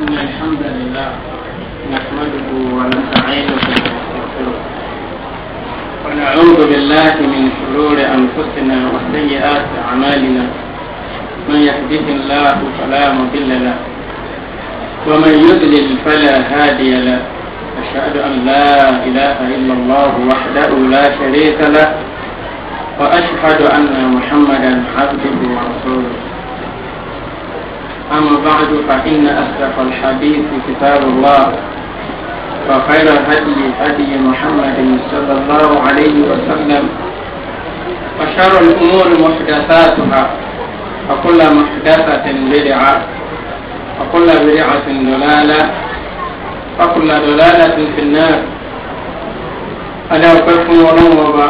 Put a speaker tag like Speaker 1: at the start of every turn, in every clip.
Speaker 1: إن الحمد لله نحمده ونستعينه ونستغفره ونعوذ بالله من شرور أنفسنا وسيئات أعمالنا من يهده الله فلا مضل له ومن يضلل فلا هادي له أشهد أن لا إله إلا الله وحده لا شريك له وأشهد أن محمدا عبده ورسوله أما بعد فإن أصدق الحديث كتاب الله وخير الهدي هدي محمد صلى الله عليه وسلم وشر الأمور محدثاتها وكل محدثة بدعة وكل بدعة ضلالة وكل ضلالة في النار ألا أكفهم ونوبا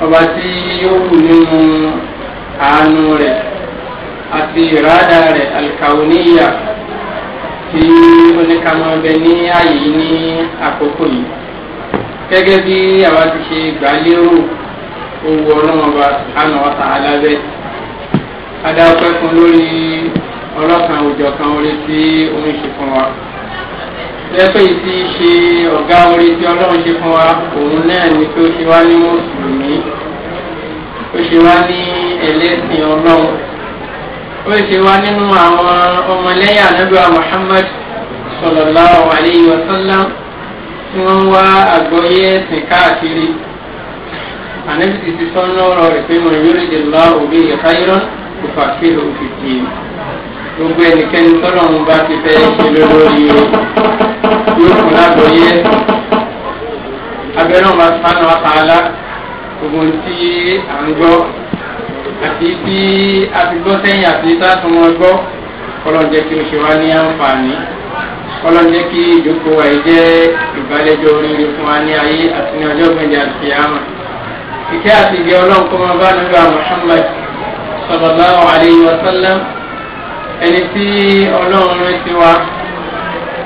Speaker 1: ọba tí yóò wù àti ìrádà rẹ̀ alkaoniya tí oníkàmọ́bẹ ní ààyè ní àkókò yìí gẹ́gẹ́ bí àwa ti ṣe gbà lérò owó ọlọ́mọba àna ọ̀tá alábẹ́ adáwọ́pẹ́ fún lórí ọlọ́kan òjọ̀ kan orí tí ó ń ṣe fún wa lẹ́pẹ́ yìí ti ṣe ọ̀gá orí tí ọlọ́run ṣe fún wa òun náà ni pé ṣe wá ní mùsùlùmí ó ṣe wá ní ẹlẹ́sìn ọlọ́run ó sì wá nínú àwọn ọmọlẹ́yìn anábíà muhammad sallallahu alayhi wa sallam tí wọ́n wá àgbọ́yé ẹ̀sìn káàkiri ànábì ti ti sọ lọ́rọ̀ rẹ̀ pé mo yóò lè lọ òbí ìkáyọ̀rọ̀ kò fà sí òfì tì í gbogbo ẹnikẹ́ni tọ́lọ̀ ń bá ti fẹ́ ṣe lórí yóò fún lágbọ́yé abẹ́rẹ́ wọn bá sánú apá gbogbo tí à ń gbọ́ àti bí àfigbọ́ sẹ́yìn àti sásùn wọn gbọ́ kọlọ́njẹ́ kí o ṣe wá ní àǹfààní kọlọ́njẹ́ kí ìjókòó wa yìí jẹ́ ìbálẹ́jọ́ oríire fún wa ní ayé àti ní ọjọ́ gbẹ̀dẹ̀ àti àmà ìkẹ́ àti ìgbẹ́ ọlọ́run kọ́ máa bá nígbà muhammad sallallahu alayhi wa sallam ẹni tí ọlọ́run rẹ ti wá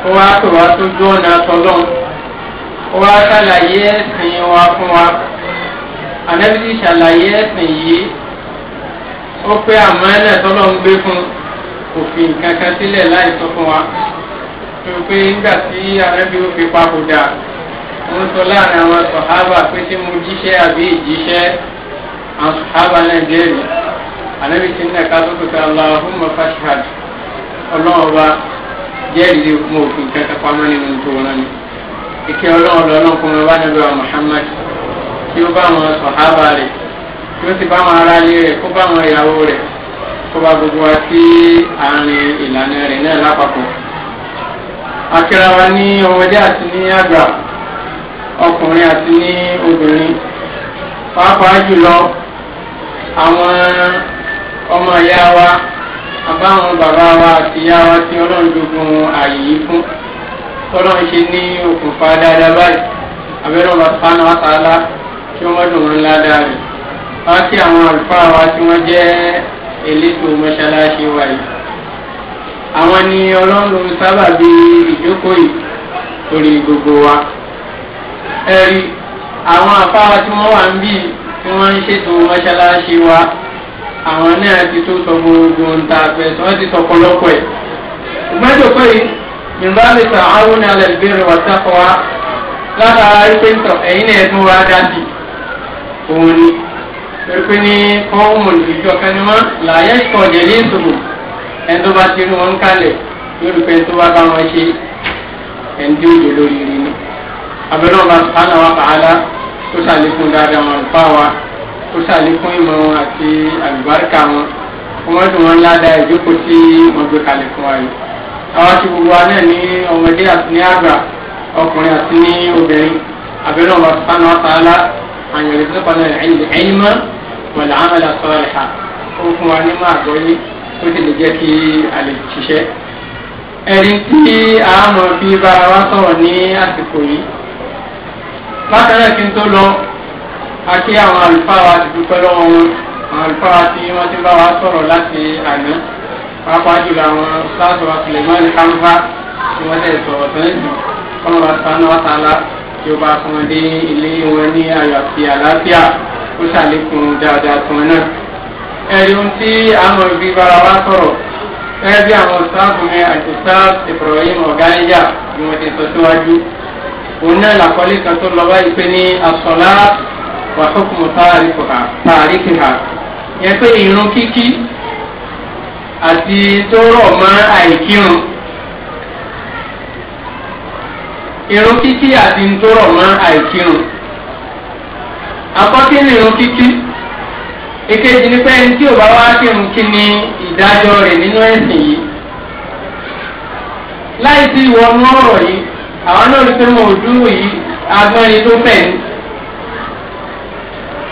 Speaker 1: ó wá tó wá tó dúnà tọ́lọ́run ó wá ṣàlàyé ẹ̀sìn wa fún wa ànábìsí ṣàlàyé ẹ̀sìn yìí ọpẹ́ àmọ́ẹ́nà tọ́lọ́ ń gbé fún òfin kankan sílẹ̀ láì sọ fún wa tó pé nígbà tí arábí ó fi papòdà wọ́n sọ láàrin àwọn sọ̀hábà pé tí mo jíṣẹ́ àbí ìjíṣẹ́ àwọn sọ̀hábà náà jẹ́rìí ànábì tí nínú ẹ̀ka tó kọ̀ọ̀kan aláhùnmọ̀ fashad ọlọ́run wa jẹ́rìí fún òfin kankan pamọ́ nínú tó wọn ni ìkẹ́ ọlọ́run lọ́nà kọ́mọ bá nàbẹ́ wa Muhammad tí ó bá àwọn sọ̀hábà rẹ̀ yóò sì bá wọn ara lé rẹ̀ kó bá wọn ìyàwó rẹ̀ kó bá gbogbo wa sí àárín ìlànà rẹ̀ náà lápapọ̀. akẹ́ra wa ní ọmọdé àti ní àgbà ọkùnrin àti ní obìnrin pàápàá jùlọ àwọn ọmọ ìyá wa àbáwọn bàbá wa àti ìyá wa tí ọlọ́run jogun àyè yìí fún tọ́lọ́run ṣe ní okùnfà dáadáa báyìí abẹ́rẹ́ ọba sanu àtàlá kí wọ́n dùn ún ládàá rẹ̀ wá sí àwọn àlùfáà wa tí wọ́n jẹ́ elétò mọ́ṣáláṣí wa yìí àwọn ni ọlọ́run sábà bí ìjókòó yìí torí gbogbo wa ẹ̀rí àwọn àfáà tí wọ́n wà ń bì tí wọ́n ń ṣètò mọ́ṣáláṣí wa àwọn náà ti tó sọ gbogbo ń ta abẹ tí wọ́n ti sọ pọ̀lọpọ̀ ẹ̀ ṣùgbọ́n ìjọba yìí yorùbá lè sọ àwọn ní alẹ́ ìbéèrè wà sáfọ́ wa látara ẹ̀yìn ẹ̀dùn wa dájú òun ni pépé ní kọ́ọ̀mùn ìjọ kanimọ́ làyẹ̀ ìkọ̀dẹ̀ ní ìṣòro ẹni tó bá ti rí wọn kálẹ̀ lórí pé tó bá bá wọn ṣe ẹni tí ó lè lórí rí ni. abẹ́rẹ́ ọba sùpánà wa bàálà ó ṣàlékún dáadáa wọn fà wá ó ṣàlékún ìmọ̀ wọn àti àlùbáríkà wọn wọ́n dùn wọn ládàá ìjókòó tí wọ́n gbé kalẹ̀ fún wa yìí. àwọn ti gbogbo wa náà ní ọmọdé àti ní àgbà ọkùnrin àti ní obìnrin abẹ́rẹ́ ọba sùpánà wa bàálà أن يرزقنا العلم علما والعمل صالحا fún wa nínú àgọ́ yìí ó sì lè jẹ́ kí a lè ṣiṣẹ́. ẹni tí a mọ̀ bí bára wa sọ̀rọ̀ ní àsìkò yìí. bákan náà kí n tó lọ a kí àwọn àlùfáà wa ti dúpẹ́ lọ́wọ́ wọn àwọn àlùfáà tí wọ́n ti bá wa sọ̀rọ̀ láti àná pàápàá jùlọ àwọn sáàtọ̀ wa Suleiman Kamfa tí wọ́n tẹ̀ sọ̀rọ̀ tán jù kọ́nà wa sanu wa ta'ala tí ó bá fún dé ilé wọn ní ayọ̀ àti àlàáfíà ó ṣàlékún dáadáa fún náà. ẹ̀rí ohun tí àwọn ibi bára wa sọ̀rọ̀ gẹ́gẹ́ bí àwọn sáàbù mi àti sáàbù Ibrahim ọ̀gáyà bí wọ́n ti sọ síwájú òun náà làkọ́lé kan tó lọ báyìí pé ní asọ̀lá wàhókùmù tààríkìhà yẹn pé ìrun kíkí àti tó rọ̀ mọ́ àìkírun. irun kíkí àti ntòrọ̀ mọ́ àìkírun. àkọ́kí ni irun kíkí èkejì ni pé ẹni tí ò bá wá kírun kí ni ìdájọ́ rẹ̀ nínú ẹ̀sìn yìí. láì sí ìwọnú ọ̀rọ̀ yìí àwọn náà rí pé mo dúró yìí agbọ́nrin tó fẹ̀ ní.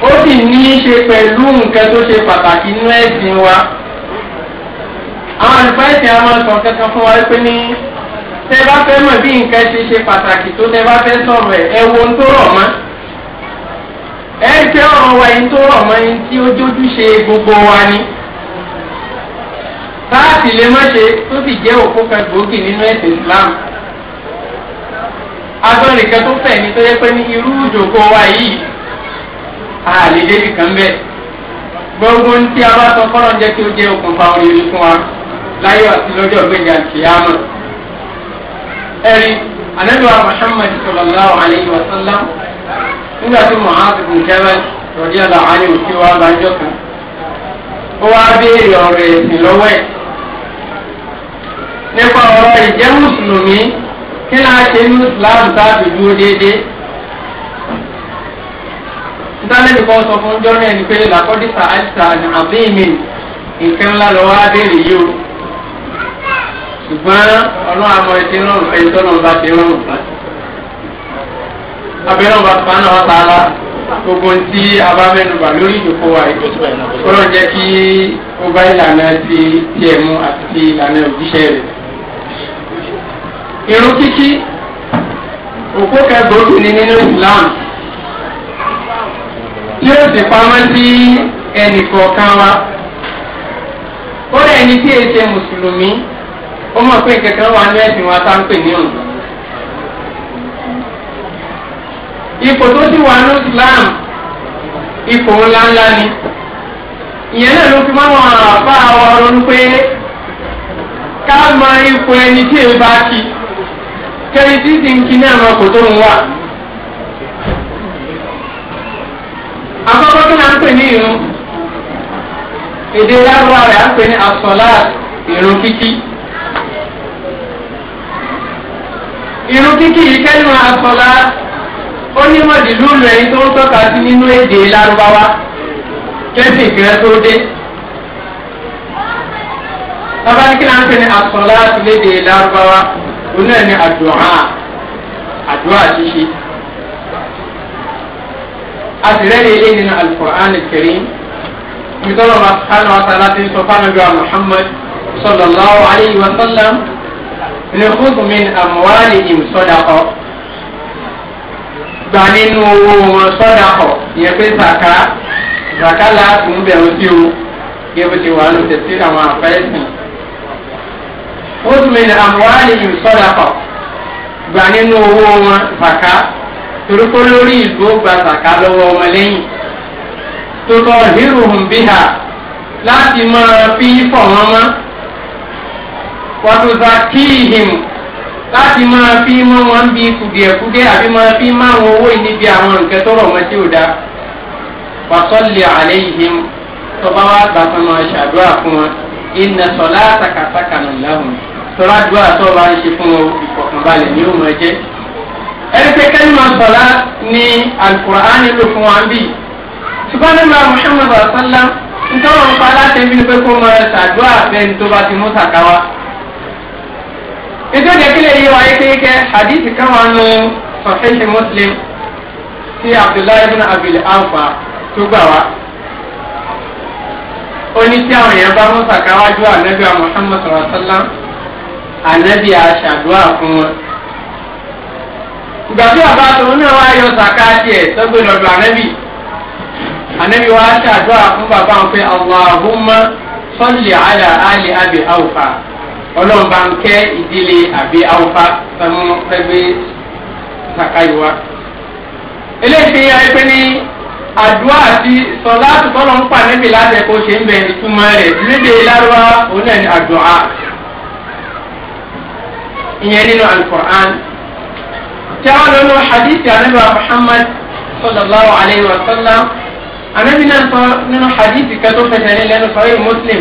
Speaker 1: ó sì ní í ṣe pẹ̀lú nǹkan tó ṣe pàtàkì nínú ẹ̀sìn wa. àwọn àlùfáà ẹ̀sìn a máa sọ kankan fún wa pé ní. tẹ bá fẹ́ mọ̀ bí nǹkan ṣe ṣe pàtàkì tó tẹ bá fẹ́ sọ̀rọ̀ ẹ̀ ẹ wo ń tó tí gbogbo wa ni táàtì lè má ṣe tó sì jẹ́ òkú kan nínú Islam tó tó yẹ pé ní irú ìjòkó gbogbo ní tí a bá sọ kí ó okùnfà orin fún wa láyé àti ẹ̀rí anabiwa muhammad sallallahu alayhi wa sallam nígbà tí muhammed bin jabal rọ̀dí ọ̀la ayé òkè wa lọ́jọ́ kan ó wá béèrè ọ̀rọ̀ ẹ̀sìn lọ́wọ́ ẹ̀ nípa ọ̀rọ̀ ìjẹ́ mùsùlùmí kí náà ṣe ní islam tàbí dúró déédéé ntálẹ́bí kan sọ fún jọ́nà ẹni pé làkọ́dí sàáìsà àbí mi nǹkan ńlá lọ́wọ́ á béèrè yìí o ṣùgbọ́n ọlọ́run àmọ́ ẹtí rọrùn ẹyí tọ́lọ́run bá ti rọrùn. abẹ́rẹ́ ọba sùpánà wa tààlà gbogbo ntí abámẹ́nuba lórí ìjòkó wa yìí kọ́lọ́ jẹ́ kí ó bá ìlànà ti tiẹ̀ mu àti ti ìlànà òjíṣẹ́ rẹ̀. irun kíkí òkú kẹgbòógì ni nínú Islam tí ó sì pamọ́ sí ẹnì kọ̀ọ̀kan wa ó rẹ̀ ní tí èsè mùsùlùmí ó mọ̀ pé kankan wà ní ẹ̀sìn wa tá ń pè ní ọ̀nà. ipò tó ti wà ní Islam ipò ńláńlá ni ìyẹn náà ló fi máa wọn àbá wa ronú pé ká mọ ipò ẹni tí èèbá kí kẹrin tí ti ń kí náà mọ kò tó ń wà. àkọ́kọ́ tó náà ń pè ní ìrun èdè lárúbáwá rẹ̀ à ń pè ní asọ́lá ìrun kíkí. irun kíkì yìí kẹ́lí máa sọ̀lá onímọ̀dì lúlu ẹni tó ń tọ́ka sí nínú èdè lárúbáwá kẹ́sì ìgbẹ́ tó dé. bàbá ní kí náà ń pè ní àsọ̀lá lédè lárúbáwá onú ẹ̀ ní àdúrà àdúrà ṣíṣe. a ilé nínú Al-Qur'an Al-Karim nítorí wọn bá ti sọ fún àmì bíi Muhammad sallallahu alayhi wa sallam nìkúndùn mi àmúwálì ìwù sọ́dà kọ́ gbà nínú owó wọn sọ́dà kọ́ ìyẹn pé zaka zaka láàbù ń bẹ̀rù sí o yẹ bó ti wà ló tẹ̀sí àwọn àfẹ́sìn. nìkúndùn mi àmúwálì ìwù sọ́dà kọ́ gbà nínú owó wọn zaka torúkọ lórí ìlú gba zaka lọ́wọ́ wọn lẹ́yìn tó tọ́ hírùhùn bíhà láti máa wàlúzàkìhìm láti máa fi mọ́ wọn bí kùdìẹ̀kùdìẹ̀ àbí máa fi máa wọn owó níbi àwọn nǹkan tó rọ̀ wọn tí ò dáa wàsọ́lì àlẹ́yìn tọba wa gbà fún wọn ṣàdúrà fún wọn ìnà sọlá sàkàsàkànà làwọn tọ́lá dúrà tó bá ń ṣe fún wọn ìfọ̀kànbalẹ̀ ní òun ẹ̀jẹ̀. ẹ̀ríkẹ́ kẹ́lìmọ̀ sọlá ni alukur'an ló fún wa ń bì. ṣùgbọ́n nígbà muhammed sallam ń tọ́wọ́ ń pa aláṣẹ pé kó máa nítorí jẹ́ kílẹ̀ yìí wáyé kéèké àdìsí kan wà nù sọ̀hẹ́sì muslim tí abdullahi bin abil alfa tó gbà wá. ó ní tí àwọn èèyàn bá mọ́sà káwájú ànábì wa muhammad sallallahu alayhi wa sallam ànábì àṣàdúrà fún wọn. ìgbà tí bàbá tòun náà wá yọ sàká tiẹ̀ sọ́gbẹ́ lọ́dọ̀ ànábì ànábì wa ṣàdúrà fún bàbá wọn pé allahumma salli ala ali abi awfa ọlọ́run bá ń kẹ́ ìdílé àbí awọ́fà sanu pẹ́gbẹ́ sàkáyọ̀wá. eléyìí fi hàn pé ní àdúrà àti sọlá àtúntọ́lọ́ ń pa níbi láti ẹ̀kọ́ ṣe ń bẹ ìtumọ̀ rẹ̀ lédè lárúbá òun náà ní àdúrà ìyẹn nínú alukur'an. tí a lọ lọ hadith anabiwa muhammad sallallahu alayhi wa sallam anabi náà sọ nínú hadith kẹtọ́ fẹsẹ̀ nílẹ̀ nínú sọ́yìn muslim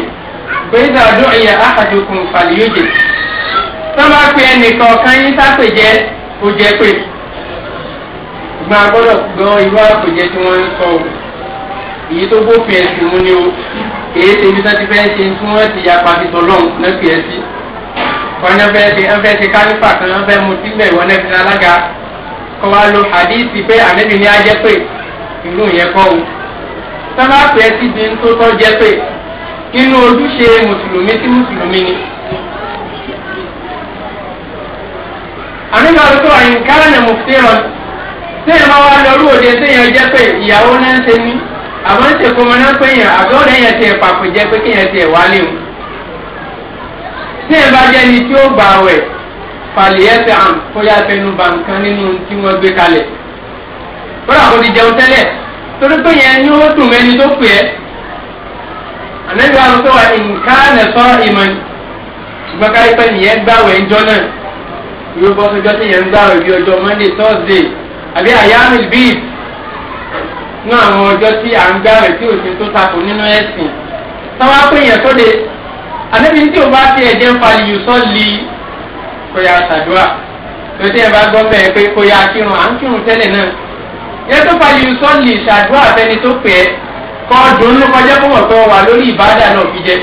Speaker 1: gbèsè ọdún ìyá àkàdùkùn fàlíyòjè tó bá pe ẹnìkan ọ̀kan yín sápèjẹ kò jẹ pé ìgbà gbọ́dọ̀ gbọ́ irú àpèjẹ tí wọ́n ń sọ o èyí tó bófin ẹ̀sìn mu ni o èyí tèmi tó ti fẹ́ ṣe tí wọ́n ti ya pàtí tọ́lọ́n lẹ́kì ẹ̀ sí wọ́n fẹ́ ṣe wọ́n fẹ́ ṣe kánífà kan wọ́n fẹ́ mu sílẹ̀ wọ́n náà fi ní alága kọ́ wa lo àdíìsì pé àmẹ́bí ni á jẹ́ pé ìlú yẹn kọ́ o tó bá pè inú ojúṣe mùsùlùmí sí mùsùlùmí ni. àníbàlù tó àyínkára ni mo fi hàn sẹ́yìn máa wá lọ lóòde sẹ́yìn ọjọ́ pé ìyàwó náà ń ṣe ní àmọ́ ń ṣèkó ọmọ náà péyìn àbẹ́wò náà yẹn ti ẹ̀ pàpọ̀ jẹ́ pé kéèyàn ti ẹ̀ wálé o. sẹ́yìn bá jẹ́ ni tí ó gbà wẹ̀ fàlìyẹ́sẹ̀ àm kóyá fẹnu ba nǹkan nínú tí wọ́n gbé kalẹ̀. kódà kò ti jẹun tẹ́lẹ̀ torí pé yẹn ni ó dùn mẹ́ni tó pè é ànábi wa sọ wa nǹkan ẹ̀sọ́ ìmọ̀ ṣùgbọ́n káyọ̀ pé nìyẹn gbàwẹ̀ ńjọ́ náà yóò bọ́ sọjọ́ tí yẹn gbàwẹ̀ bí ọjọ́ monday thursday àbí àyàmìl bíi ní àwọn ọjọ́ tí à ń gbàwẹ̀ tí òsì tó takò nínú ẹ̀sìn táwa pé yẹn tó de ànábi tí o bá ti ẹ̀jẹ̀ ń falẹ̀ yìí sọ́ li kóyà sàdúrà lóde ẹ̀ bá gbọ́ bẹ́ẹ̀ pé kóyà kírun à ń kírun tẹ́lẹ̀ náà yẹn tó falẹ̀ yìí sọ́ li sàdúrà fẹ́ni tó pẹ́ kọ́ dùnú kọjá fún ọ̀tọ̀ wà lórí ìbáàdà náà fi jẹ́.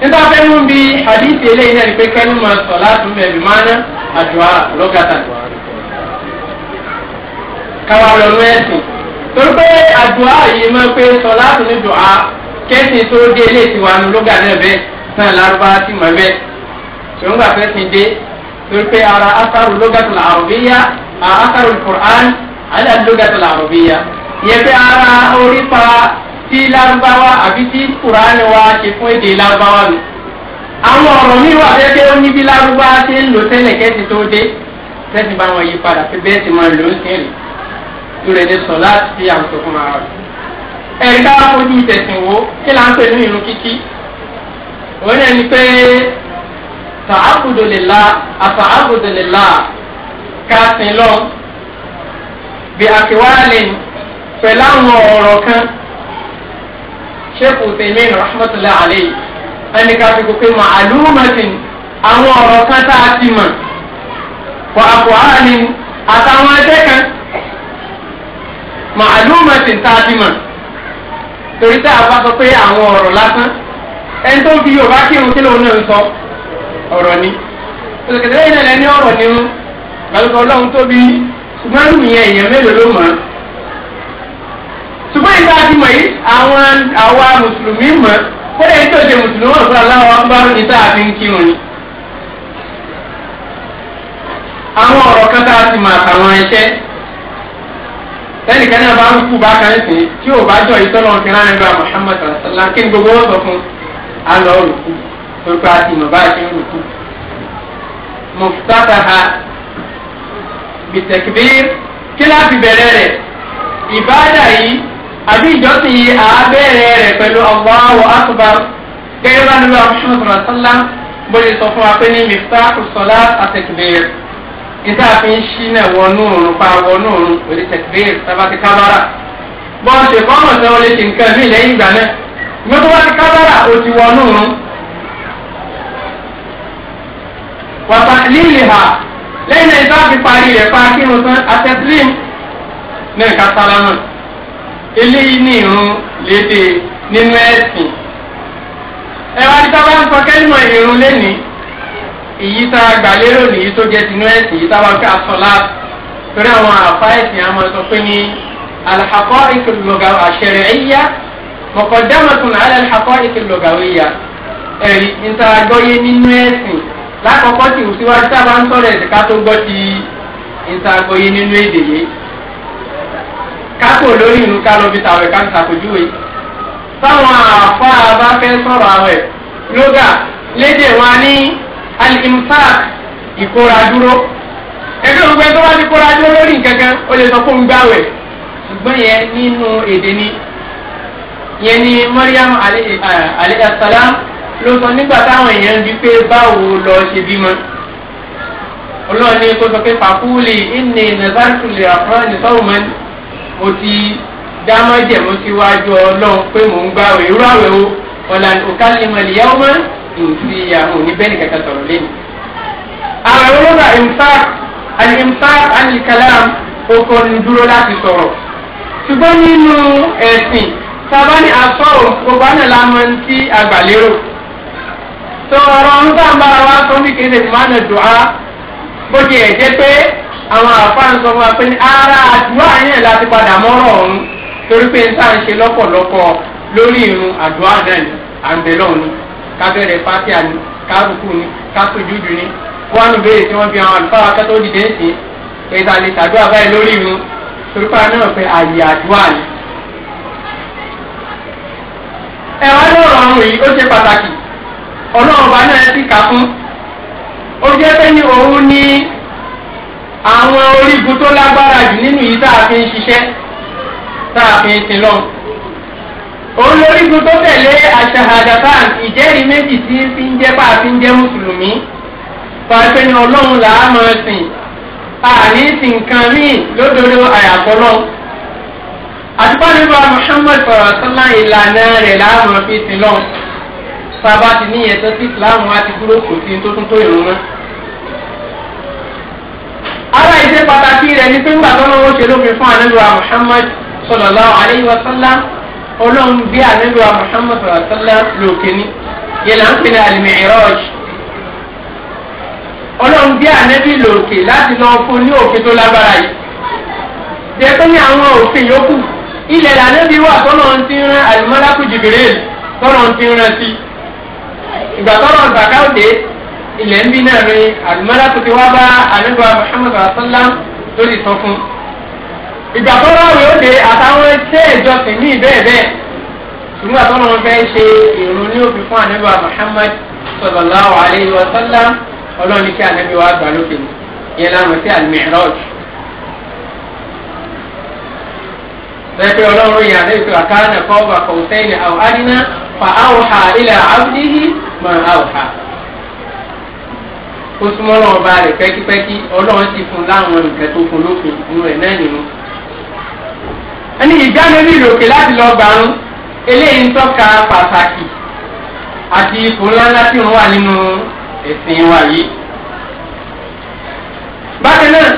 Speaker 1: nígbà fẹ́ mú bí àdìsí eléyìí náà ni pé kẹ́nu máa sọ láti mẹ̀mí máa ná àdùá lọ́gàtà. káwa lọ lọ ẹ̀sìn torí pé àdùá yìí máa pé sọ láti ní dùá kẹ́sìn tó dé ilé tiwa nu lọ́gà náà bẹ́ẹ̀ sàn lárúbá sí mọ́ bẹ́ẹ̀ tòun fẹ́ sin dé torí pé ara asaru lọ́gàtà làrùbíyà àsaru kùrán yẹn pé ara orípa tí lárúbáwá àbí tí kùránì wa ṣe fún èdè lárúbáwá mi. àwọn ọ̀rọ̀ mi wà gẹ́gẹ́ ó ní bí lárúbáwá ṣe ń lò tẹ́lẹ̀ kẹ́sì tó dé tẹ́sì bá wọn yí padà pé bẹ́ẹ̀ ti máa lò ó sẹ́rì lórí ẹni sọ láti fi àwùjọ fún ara rẹ̀. ẹ̀rí ká fojú tẹ̀sìn wo kí là ń pè ní irun kíkí. òun náà ni pé tààbùdò lè la àtààbùdò lè la ká lọ bí àkèwálẹ̀ ni. pẹ̀lú àwọn ọ̀rọ̀ kan sheikh uthaymeen rahmatulah alayhi ẹni ká fi kókè mọ àlùmọ́tì àwọn ọ̀rọ̀ kan tá a ti mọ̀ wà á àtàwọn ẹgbẹ́ kan mọ tá a ti mọ̀ torí tá a bá sọ pé àwọn ọ̀rọ̀ lásán ẹni tó fi yorùbá kírun kí lóun náà ń sọ ọ̀rọ̀ ni òṣèkèdè ọ̀rọ̀ ni ọlọ́run ṣùgbọ́n ìgbà àti mọ̀ yìí àwọn àwa mùsùlùmí mọ̀ kódà ní tòṣe mùsùlùmí ọ̀sán aláwọ̀ akúbárò ní tá a fi ń kírun ni. àwọn ọ̀rọ̀ kan tá a ti mọ̀ àtàwọn ẹ̀ṣẹ́ lẹ́nìkan náà bá ń kú bákan sí tí ò bá jọ ìtọ́lọ́ ti rán ẹgbẹ́ Muhammad rasalam kí ni gbogbo wọn sọ fún alọ́ òrùkú orúkọ àti ìmọ̀ bá a ṣe ń rùkú. muftataha bitakbir kí láti bẹ̀rẹ̀ rẹ̀ ìbáàdà yìí àbí ìjọsìn yìí àábẹ̀rẹ̀ rẹ̀ pẹ̀lú Allahu akbar gẹ́gẹ́ bá nílò àbúṣọ́ sọ̀rọ̀sọ́lá bó lè sọ fún wa pé ní mìfta kùsọ̀lá àtẹ̀kùbẹ̀rẹ̀ níta fi ń ṣí náà wọnú òrùn pa wọnú òrùn òde tẹ̀kùbẹ̀rẹ̀ sábà ti kábàrà bọ́ ṣe kọ́mọ̀ sọ lè ṣe nǹkan mí lẹ́yìn ìgbà náà ní tó ti kábàrà ó ti wọnú òrùn. wàtà líle ha lẹ́yìn náà ìta fi parí rẹ̀ pa kírun tán àtẹ̀tìlín eléyìí ní irun lédè nínú ẹ̀sìn ẹ wá ní sábà ń sọ kẹ́lìmọ̀ irun lẹ́nìí èyí tá a gbà lérò nìyí tó jẹ́ tinú ẹ̀sìn èyí táwọn ká sọ láti torí àwọn àfa ẹ̀sìn àmọ́ sọ pé ní alhakọ́ ìkìlọ̀gà àṣẹrẹ̀ ẹ̀yà mọ̀kọ́dámọ̀tún alẹ́ alhakọ́ ìkìlọ̀gà ẹ̀yà ẹ̀rí níta gbọ́yé nínú ẹ̀sìn lákọ̀ọ́kọ́ tì wù ń sọ̀rọ̀ ẹ̀sìn ká tó gbọ́ ti níta gbọ́yé nínú èdè yìí kákò lórí ìlú ká lọ bí tàwẹ̀ ká ṣàpèjúwe táwọn àfa bá fẹ́ sọ̀rọ̀ àwẹ̀ lóga lédè wọn ní alimsak ìkóra dúró ẹgbẹ́ òun pé tó bá ti kóra dúró lórí nkankan ó lè sọ fún un gbáwẹ̀ ṣùgbọ́n yẹn nínú èdè ni yẹn ni Mariam alayhi salam ló sọ nígbà táwọn èèyàn bíi pé báwo lọ ṣe bímọ olóòní kó sọ pé fàkúlì ìní nàzàtúlì àfúránì sọ́wọ́mọ́ni mo ti dámọ́jẹ̀ mo ti wájú ọlọ́run pé mò ń gbá àwẹ̀ àwẹ̀ o ọ̀là òkàlẹ̀ mọ̀lẹ̀ yẹ́wọ́ mọ́ ìhùnsí àwọn oníbẹ́ẹ̀lì kẹta sọ̀rọ̀ lẹ́nu. àwẹ̀ olóba ìmùsáàk àlìmùsáàk àlìkàlám okò ní dúró láti sọ̀rọ̀ ṣùgbọ́n nínú ẹ̀sìn sábà ní asọ́rò gbogbo àná la mọ ti àgbàlérò sọ̀rọ̀ ọ̀run bá ń bára wa sọ àwọn àfáàn sọ fún wa pé ní ara àdúrà yẹn láti padà mọ́rọ̀ ọ̀run torí pé nta ń ṣe lọ́pọ̀lọpọ̀ lórí irun àdúrà náà ni àǹbẹ̀lọ̀ ni kábẹ́rẹ́ fátíà ni kárùkù ni kápẹ́jújù ni wọ́n béèrè tí wọ́n fi àwọn àlùfáà akẹ́tọ́ dìde ń sìn ẹ̀ta lè ṣàdúrà báyìí lórí irun torí pé àwọn náà fẹ́ àyè àdúrà ni. ẹ̀wọ́n lọ́rọ̀ ọ̀run yìí ó ṣe pàtàkì ọlọ́run ọba náà ti àwọn orígun tó lágbára jù nínú yìí tá a fi ń ṣiṣẹ́ tá a fi ń sin lọ́n. olórígun tó tẹ̀lé àṣàhàdàtàn ìjẹ́rìí méjì tí fi ń jẹ́ bá a fi ń jẹ́ mùsùlùmí pàṣẹni ọlọ́run là á máa sìn àní sìn nǹkan míì lódodo àyàtọ̀ lọ. àtúbọ̀nìbọ̀ Muhammad sọ̀rọ̀ sọ́lá ìlànà rẹ̀ láàmú fi sin lọ́n. sábà ti níyẹn tó sí Islam wá ti dúró kò sí tó tún tó ìrún náà ara ìṣe pàtàkì rẹ̀ ni pé ńgbà tọ́lọ́wọ́ ṣe lómi fún ànábìwá Muhammad sallallahu alaihi wa sallam ọlọ́run bí ànábìwá Muhammad sallallahu alaihi wa sallam lòkè ní yẹlẹ ń pè ní al-Mi'raj ọlọ́run bí ànábì lòkè láti lọ fún ní òkè tó lágbára yìí jẹ́ pé ní àwọn òkè yòókù ilẹ̀ lànàbí wà tọ́lọ́run ti rán al-Malaku Jibril tọ́lọ́run ti rán sí ìgbà tọ́lọ́run bàkà òde ilẹ̀ ń bí náà ni àlùmọ́lá tó ti wá bá àlùbọ̀ Muhammad asọ́lá lórí sọ fún.
Speaker 2: ìgbà tó ráwèé ó dé àtàwọn
Speaker 1: iṣẹ́ ìjọsìn ní ìbẹ́ẹ̀ bẹ́ẹ̀ ṣùgbọ́n àtọ́nà wọn fẹ́ ṣe èrò ní òfin fún àlùbọ̀ Muhammad sallallahu alayhi wa sallam ọlọ́run kí àlùbọ̀ wa gbà lókè yẹn lánàá sí al-Mi'raj. bẹ́ẹ̀ ọlọ́run yà lè fi kọ́ ó súnmọ́ lọ́wọ́ bá rẹ̀ pẹ́kípẹ́kí ọlọ́run ti fún láwọn nǹkan tó fún lópin inú rẹ̀ náà nínú. ẹni ìjáde ní ìròkè láti lọ gbàrún eléyìí ń tọ́ka pàtàkì àti ipò ńláńlá tí òun wà nínú ẹ̀sìn wa yìí. bákan náà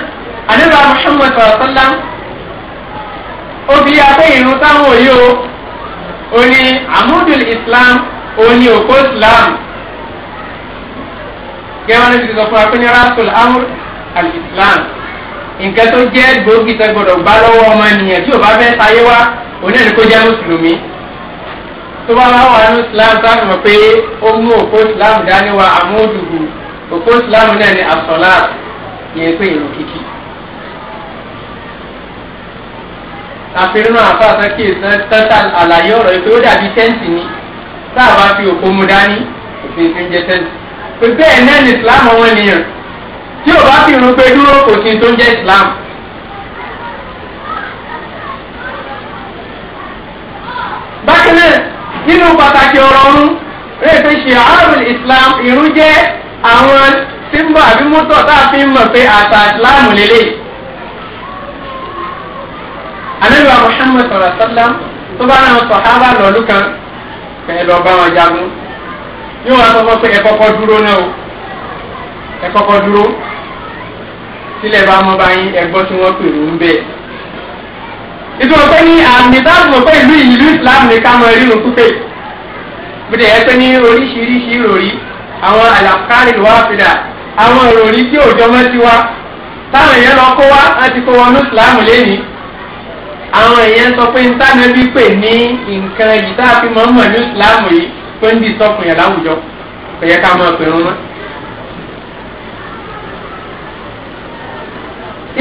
Speaker 1: àdébà Muhammad sọ̀rọ̀sọ́lá ó fi abẹ́ ìrún táwọn òye o ó ní amúdùl Islam ó ní òkú Islam gẹ́gẹ́ bí sọ fún wa pé ní rasul amur al-islam nǹkan tó jẹ́ gbòógì tẹ́ gbọ́dọ̀ gbá lọ́wọ́ ọmọ ènìyàn tí ò bá fẹ́ sáyé wá òun ẹni kó jẹ́ mùsùlùmí tó bá wà wà ní islam tá a mọ̀ pé ó mú òkú islam dání wa àmúdùgù òkú islam náà ni àsọ̀lá yẹn pé èrò kìkì. àfihàn àfàṣà kí ìsan tẹ́tà àlàyé ọ̀rọ̀ yìí pé ó dàbí tẹ́ǹtì ni tá a bá fi òkú mu dání òfin ìpínjẹ tẹ́ǹtì pípẹ́ ẹ̀ náà ní islam àwọn ènìyàn tí ò bá fi irun pé dúró kò sí tó ń jẹ́ islam. bákan náà nínú pàtàkì ọ̀rọ̀ ọ̀run rẹ̀ ṣe àárò islam irun jẹ́ àwọn símbà àbí mọ́tò tá a fi mọ̀ pé àṣà islam lélẹ̀. anábìwá muhammad sallallahu alaihi wa sallam tó bá náà sọ̀hábà lọ́lú kan kẹ́ ẹ lọ bá wọn jagun yóò wá sọ pé ẹ kọ́kọ́ dúró náà o ẹ kọ́kọ́ dúró sílẹ̀ bá mọ́ bá yín ẹgbọ́n tí wọ́n pè ló ń bẹ̀. ìtura pé ní àmì táàbù pé ìlú ìlú Islam ní ká mọ ẹrí ló kúpè bìtẹ̀ ẹ pé ní oríṣiríṣi ìròrí àwọn àlàkárì ló wá fìdà àwọn ìròrí tí òjò mọ́ sí wa táwọn èèyàn lọ kó wá láti kó wọnú Islam lẹ́yìn àwọn èèyàn sọ pé ní tánàbí pè ní nǹkan ìdá àfimọ́ ní Islam yìí pé ń di sọ́kùn yẹn láwùjọ kò yẹ ká máa pè rún mọ́.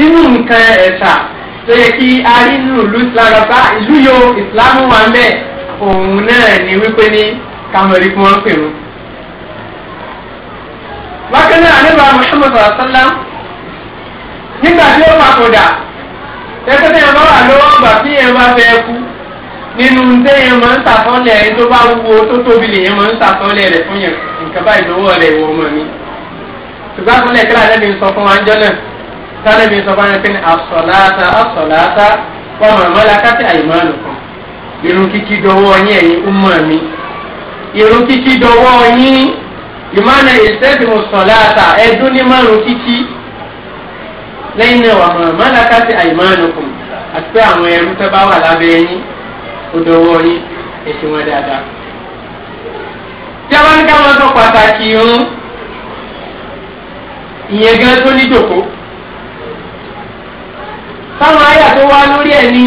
Speaker 1: inú nǹkan ẹ̀ṣà tó yẹ kí a rí nínú ìlú ìsìlámù bá ìlú yo ìsìlámù wà ń bẹ̀ òun náà ní wípé ní kàmọ́rí fún wọn pè rún. bákan náà nígbà Muhammadu asálá nígbà tí ó papòdà
Speaker 2: ẹgbẹ́ tí ẹ bá wà lọ́wọ́ gbà tí ẹ bá fẹ́
Speaker 1: kú nínú téèyàn máa ń sàtọ́lẹ̀ ẹni tó bá wúwo tó tóbi lèèyàn máa ń sàtọ́lẹ̀ rẹ̀ fún yàn nǹkan báyìí lọ́wọ́ rẹ̀ wọ́n mọ̀ ní. ṣùgbọ́n àtúnlẹ̀ kíláà lẹ́bi ń sọ fún wa ń jọ́ náà sáré mi sọ fún wa pé ní àsọ̀láta àsọ̀láta wọ́n mọ̀ mọ́lá káfí àyèmánu kan. irun kíkí dọwọ́ yín ẹ̀yin ń mọ̀ mi. irun kíkí dọwọ́ yín ìmánà ìṣẹ́dùn sọ̀láta ẹ̀dún ní márùn kíkí lẹ́yìn náà wà mọ̀ mọ́lá káfí àyèmánu kan àti pé àwọn ẹrú tẹ́ bá wà lábẹ́ yín ó dọwọ́ yín ètò wọn dáadáa. tí a bá ní ká máa sọ pàtàkì irun ìyẹn gan tó ní jòkó táwọn àyà tó wá lórí ẹ̀ ní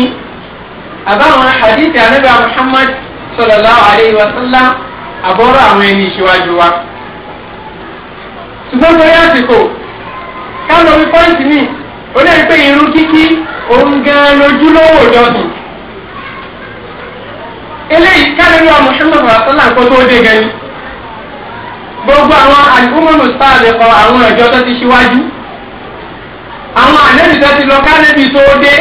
Speaker 1: àbáwọn àdìsí ànábà Muhammad sallallahu alaihi wa sallam àbọ̀rọ̀ àwọn ẹni ìṣíwájú wa. ṣùgbọ́n torí àsìkò ká lọ wí pọ́ǹtì mi ó lè pe irun kíkí òun gan lójúlówó dọ̀tún. eléyìí kálíwì ọmọ ṣùgbọ́n àtọ́lá nǹkan tó dé gẹ́ni gbogbo àwọn àdìgúnmọ̀nù sáàdì kan àwọn ẹ̀jọ́ tó ti ṣíwájú àwọn ànẹ́bì tó ti lọ kálíwì tó dé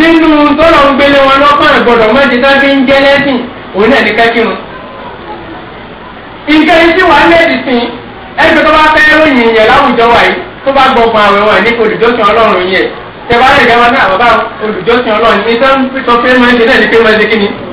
Speaker 1: nínú tọ́lọ̀ ń gbélé wọn lọ́kàn ìgbọ̀dọ̀ mọ́jì tó fi ń jẹ́ lẹ́sìn òun náà ní kẹ́kírun nǹkan tí wàá lẹ́sìn sìn ẹgbẹ́ tó bá fẹ́ ròyìn ìyẹn láwùjọ wáyé tó bá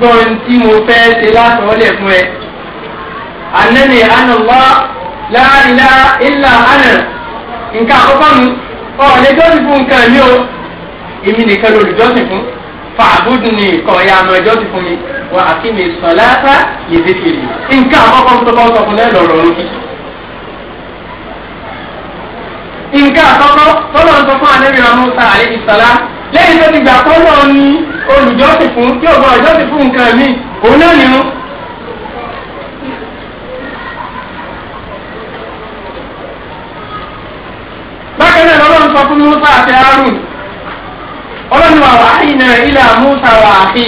Speaker 1: gbọ́n tí mo fẹ́ ṣe látọ̀ọ́lẹ̀ fún ẹ. Ànẹ́ni ànàlá láàrínlá ìlà ànà nǹkan àkọ́kọ́ mi ọ̀ọ́dẹ́ jọ́sìn fún nǹkan mi o. Èmi nìkan lolùjọ́sìn fún. Fàbùdù ni nǹkan ẹ̀yà àmọ́ ìjọ́sìn fún mi. Wọ́n àti mi sọ láta yèdè kiri. Nǹkan àkọ́kọ́ tó bá sọ fún lẹ́nu ọ̀rọ̀ lókì. Nǹkan àkọ́kọ́ tọ́lọ́ sọ fún Adébíyàn Musa àlejò sọlá lẹ́yìn tó ti gbà tọ́lọ́ olùjọ́sìn fún tí ọ̀gbọ́n ìjọ́sìn fún nǹkan mi òun náà nínú. bákan lọ́lọ́run sọ fún Musa àti Harun ọlọ́run wà wá ìnà ilà Musa wà áhì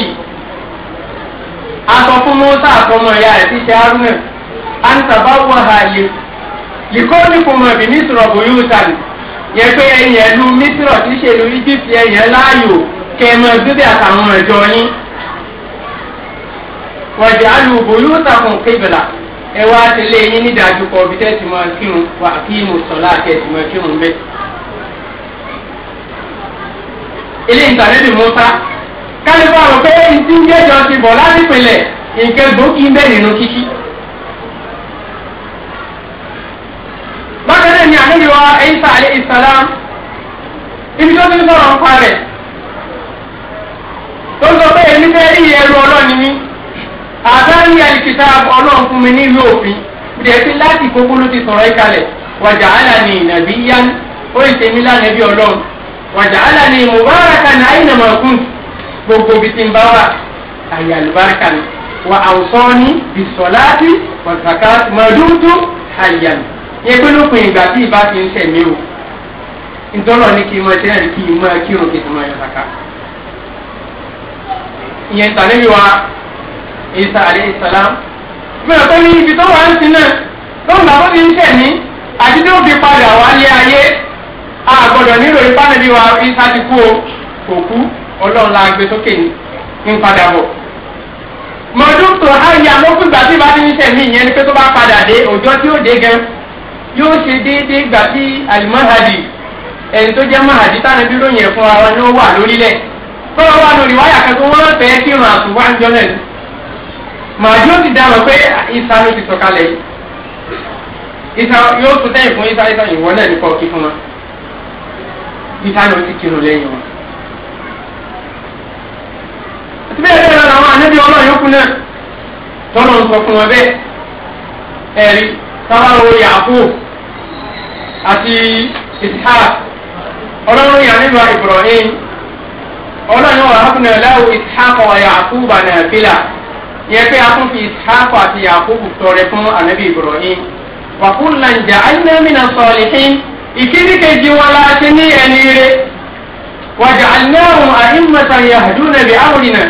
Speaker 1: asọ fún Musa àtọmọ ìyá rẹ̀ ti ṣe ha ní bòyú yẹ pé lu mísìrọ̀ tí ṣe lu kẹnu ẹbí bí àtàwọn ẹjọ yín wọ́n jẹ́ alùpùpù yóò ewa kébìlà ẹ wá tẹ̀lé yín ní ìdájú kọ bí tẹ́sí máa kírun wà kí mo sọ̀lá tẹ́sí máa kírun bẹ́ẹ̀. ilé ìtàlẹ́dì mọ́tà kálífà rò pé ìdí ń jẹ́jọ ti bọ̀ láti pèlẹ̀ nǹkan gbòógì ń bẹ nínú kíkí. bákan náà ni àlejò wa ẹ̀yìn sàlẹ̀ ìsàlám ibi tó ti ń sọ̀rọ̀ ń ó sọ bẹ́ẹ̀ ní fẹ́ rí ẹrù ọlọ́ọ̀ni mi àbárí àlìkìtà ọlọ́ọ̀ fún mi nílùú òfin ìdẹ̀sí láti kókó ló ti sọ̀rọ̀ ìkàlẹ̀ wàjà àlà ni ìnàbí yá ó ń tẹ̀mí lánàbí ọlọ́run wàjà àlà ni mùbáraka ní àyìnà màkùn gbogbo bí ti ń bá wà àyè àlùbáraka ni wà àwùsọ́ni bisọ̀láàtì wàzàká màdúntú àyà yẹ pé lópin ìgbà tí ìbá ti ń tẹ̀mí o ìtọ́lọ̀ ni kì í máa tẹ́lẹ̀ kì í máa kírun kì í máa yọ ìyẹn tànẹ́bí wa Isa alayhi salam mi ò pé ní ibi tó wà ń sin náà lóun làbó ti ń tẹ̀mí àti tí ó fi padà wálé ayé a nílò ipá wa Isa ti kú o kò kú ọlọ́run la gbé sókè ní ń padà bọ̀ mọ̀ọ́dún tó ayé àmọ́kù ìgbà tí ìbá ti ń tẹ̀mí ìyẹn ni pé tó bá padà dé òjò tí ó dé gan yóò ṣe déédéé ìgbà tí alimahadi ẹni tó jẹ́ mahadi tánibí lóyìn ẹ̀fọn ara ni ó wà lórílẹ̀ tọ́wọ́ wà lórí wáyà kan tó wọ́n fẹ́ kí irun àtúwá ń jọ náà màájú ti dá lọ pé ìsa ló ti sọ̀kalẹ̀ yìí ìsa yóò tún tẹ́yìn fún ìsa ìsa ìwọ náà nípa òkè fún wọn ìsa ló ti kírun lẹ́yìn wọn. àti bẹ́ẹ̀ bẹ́ẹ̀ lọ́la àwọn àníbi ọlọ́run yókù náà tọ́lọ̀ ń sọ fún wọn bẹ́ẹ̀ ẹ̀rí sábàrò yàkó àti ìsìkà ọlọ́run yà nínú Ibrahim ọlọ́run ọ̀rọ̀ akúnà ẹ̀láwó ìsáàkọ̀ yàkúbà nàfílà yẹ pé akún fi ìsáàkọ̀ àti yàkúbù tọrẹ fún ànábì ibrahim wàkúnlá ń jà ánámìnà sọ̀lìhín ìkíni kejì wọn la ti ní ẹni rẹ wàjà ánáhùn àhímọ̀tà yàdúnà bí áwòrìnà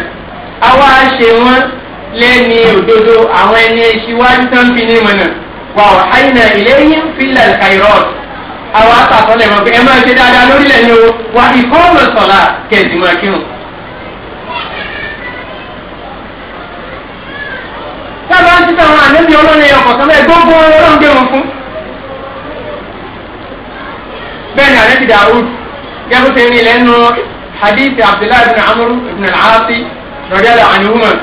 Speaker 1: àwa ṣe wọn òdodo àwọn ẹni ṣíwájú tán fi ní mọ̀nà wà áyìnà ìlẹ́yìn fílẹ̀ kàìrọ́ọ̀tì àwọn àtàtọ́lẹ̀ wọn pé ẹ máa ṣe dáadáa lórílẹ̀ ni o wà ìkọ́ọ̀lù sọ̀la kẹ̀sì máa kírun. sábà ń títà àwọn àlejò ọlọ́run ẹ̀yọ kọ̀ọ̀kan bẹ́ẹ̀ gbogbo ọlọ́run gbé wọn fún. bẹ́ẹ̀ ni àlejò dàrúd gẹ́gẹ́ tẹ̀ ní lẹ́nu hadith abdullahi ibn amr ibn al-aasi rọ̀dẹ́lẹ̀ àníwùmọ̀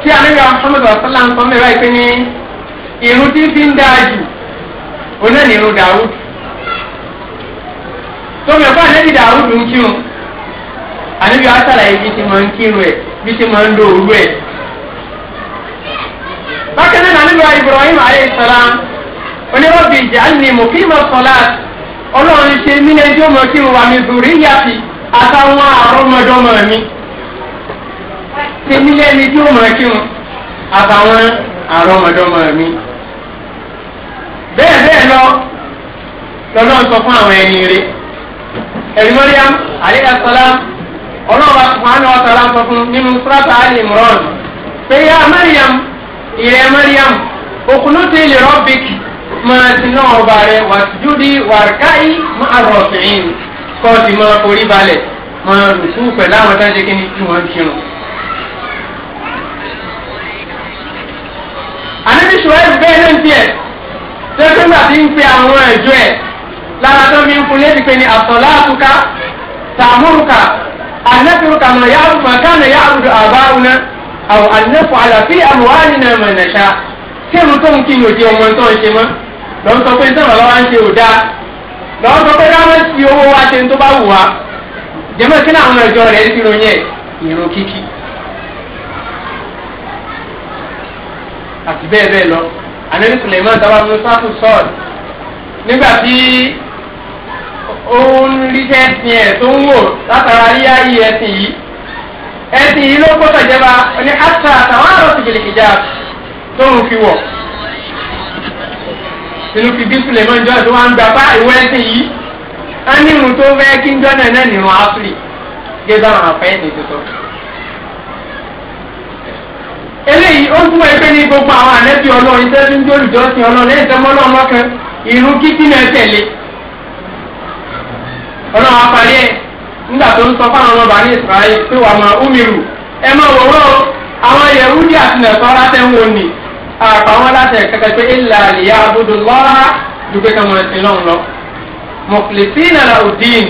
Speaker 1: tí àlejò ahmed ọ̀sán láǹkọ́ mẹ́rẹ́ ìpín ní irun tóbi ẹ̀fọ́ ànábì dàrúdù ń kírun ànábì wa sàlàyé bí ti máa ń kírun ẹ̀ bí ti máa ń lo òru wa Ibrahim alayhi salam onírọ́bì ìjàlni mùkímọ̀ sọ́lá ọlọ́run ṣe nílẹ̀ ẹjọ́ mọ̀ kí n wà mí zùrí yàtì àtàwọn mi ṣe nílẹ̀ ẹni tí mọ̀ kí n àtàwọn mi. bẹ́ẹ̀ bẹ́ẹ̀ lọ sọ fún àwọn ẹ̀rí mọ́ríyàm alẹ́ ẹ̀sọ́lá ọlọ́wà fúnánà ọ̀sọ́lá ń sọ fún nínú sùràtà alẹ́ ìmọ̀ràn pé yá mọ́ríyàm ìrẹ́ mọ́ríyàm òkùnú ti lè rọ́bìk máa ti náà ọba rẹ̀ wà júdi wàrkáì máa rọ̀ fìhìn kọ́ọ̀tì máa forí balẹ̀ máa rùsù pẹ̀lú àwọn tájẹ́ kí ni tí wọ́n kírun. àníbi ṣùgbọ́n bẹ́ẹ̀ ló ń tiẹ̀ tó tó ń ń pe àwọn ẹ̀jọ́ ẹ̀ lára tó mi ń kun létí pé ní àtọ̀lá àtúkà tààmúrùkà ànẹ́fìrùkà mà yá àrùkà kánà yá àrùkà àbáwùnà àwọn ànẹ́fù àlàfí àmúhánì náà mà nàṣà kí irun tó ń kí yòó di ọmọ tó ń ṣe mọ́ lọ́n sọ pé ní sọ̀rọ̀ lọ́wọ́ ń ṣe ò dáa lọ́n sọ pé dáwọ́ ti owó wa ṣe tó bá wù wá jẹ́mọ́ kí láwọn ẹ̀jọ́ rẹ̀ ń fìrò yẹn ìrun kíkí àti bẹ́ẹ̀ bẹ́ẹ̀ lọ ànẹ́fìrùkà nígbà tí òun ríṣẹ́ sin ẹ̀ tó ń wò látara yíyá yí ẹ̀sìn yìí ẹ̀sìn yìí ló gbọ́dọ̀ jẹba ní àṣà àtàwọn àrò tìbìlì ìjà tóun fi wọ̀ inú fi bísí lè mọ ìjọ tó wá ń gbà bá ìwé ẹ̀sìn yìí á ní irun tó fẹ́ kí ń jọ́nà náà nìrun áfírí gẹ́gẹ́ àwọn àfẹ́yìntì tuntun. eléyìí ó fún ẹgbẹ́ ní gbogbo àwọn àlẹ́bí ọlọ́run iṣẹ́ tó ń jólùjọ́sìn ọlọ́run lẹ́yìn tẹ́mọ́lọ́run lọ́kàn ìrún kíkí náà tẹ̀lé. ọlọ́run apáyé nígbà tó ń sọ fáwọn ọmọ bàálí israẹli pé wàá máa umiru ẹ máa wò wọ́n àwọn yẹ̀wúdí àti nẹ̀sọ́ látẹ̀ ń wò ní àpàwọn látẹ̀ kẹkẹ pé ilà àlìyá abudu lọ́ra ju pé kẹmọ ẹ̀sìn náà lọ. mọ̀kìlìsí ìnàlà òdìn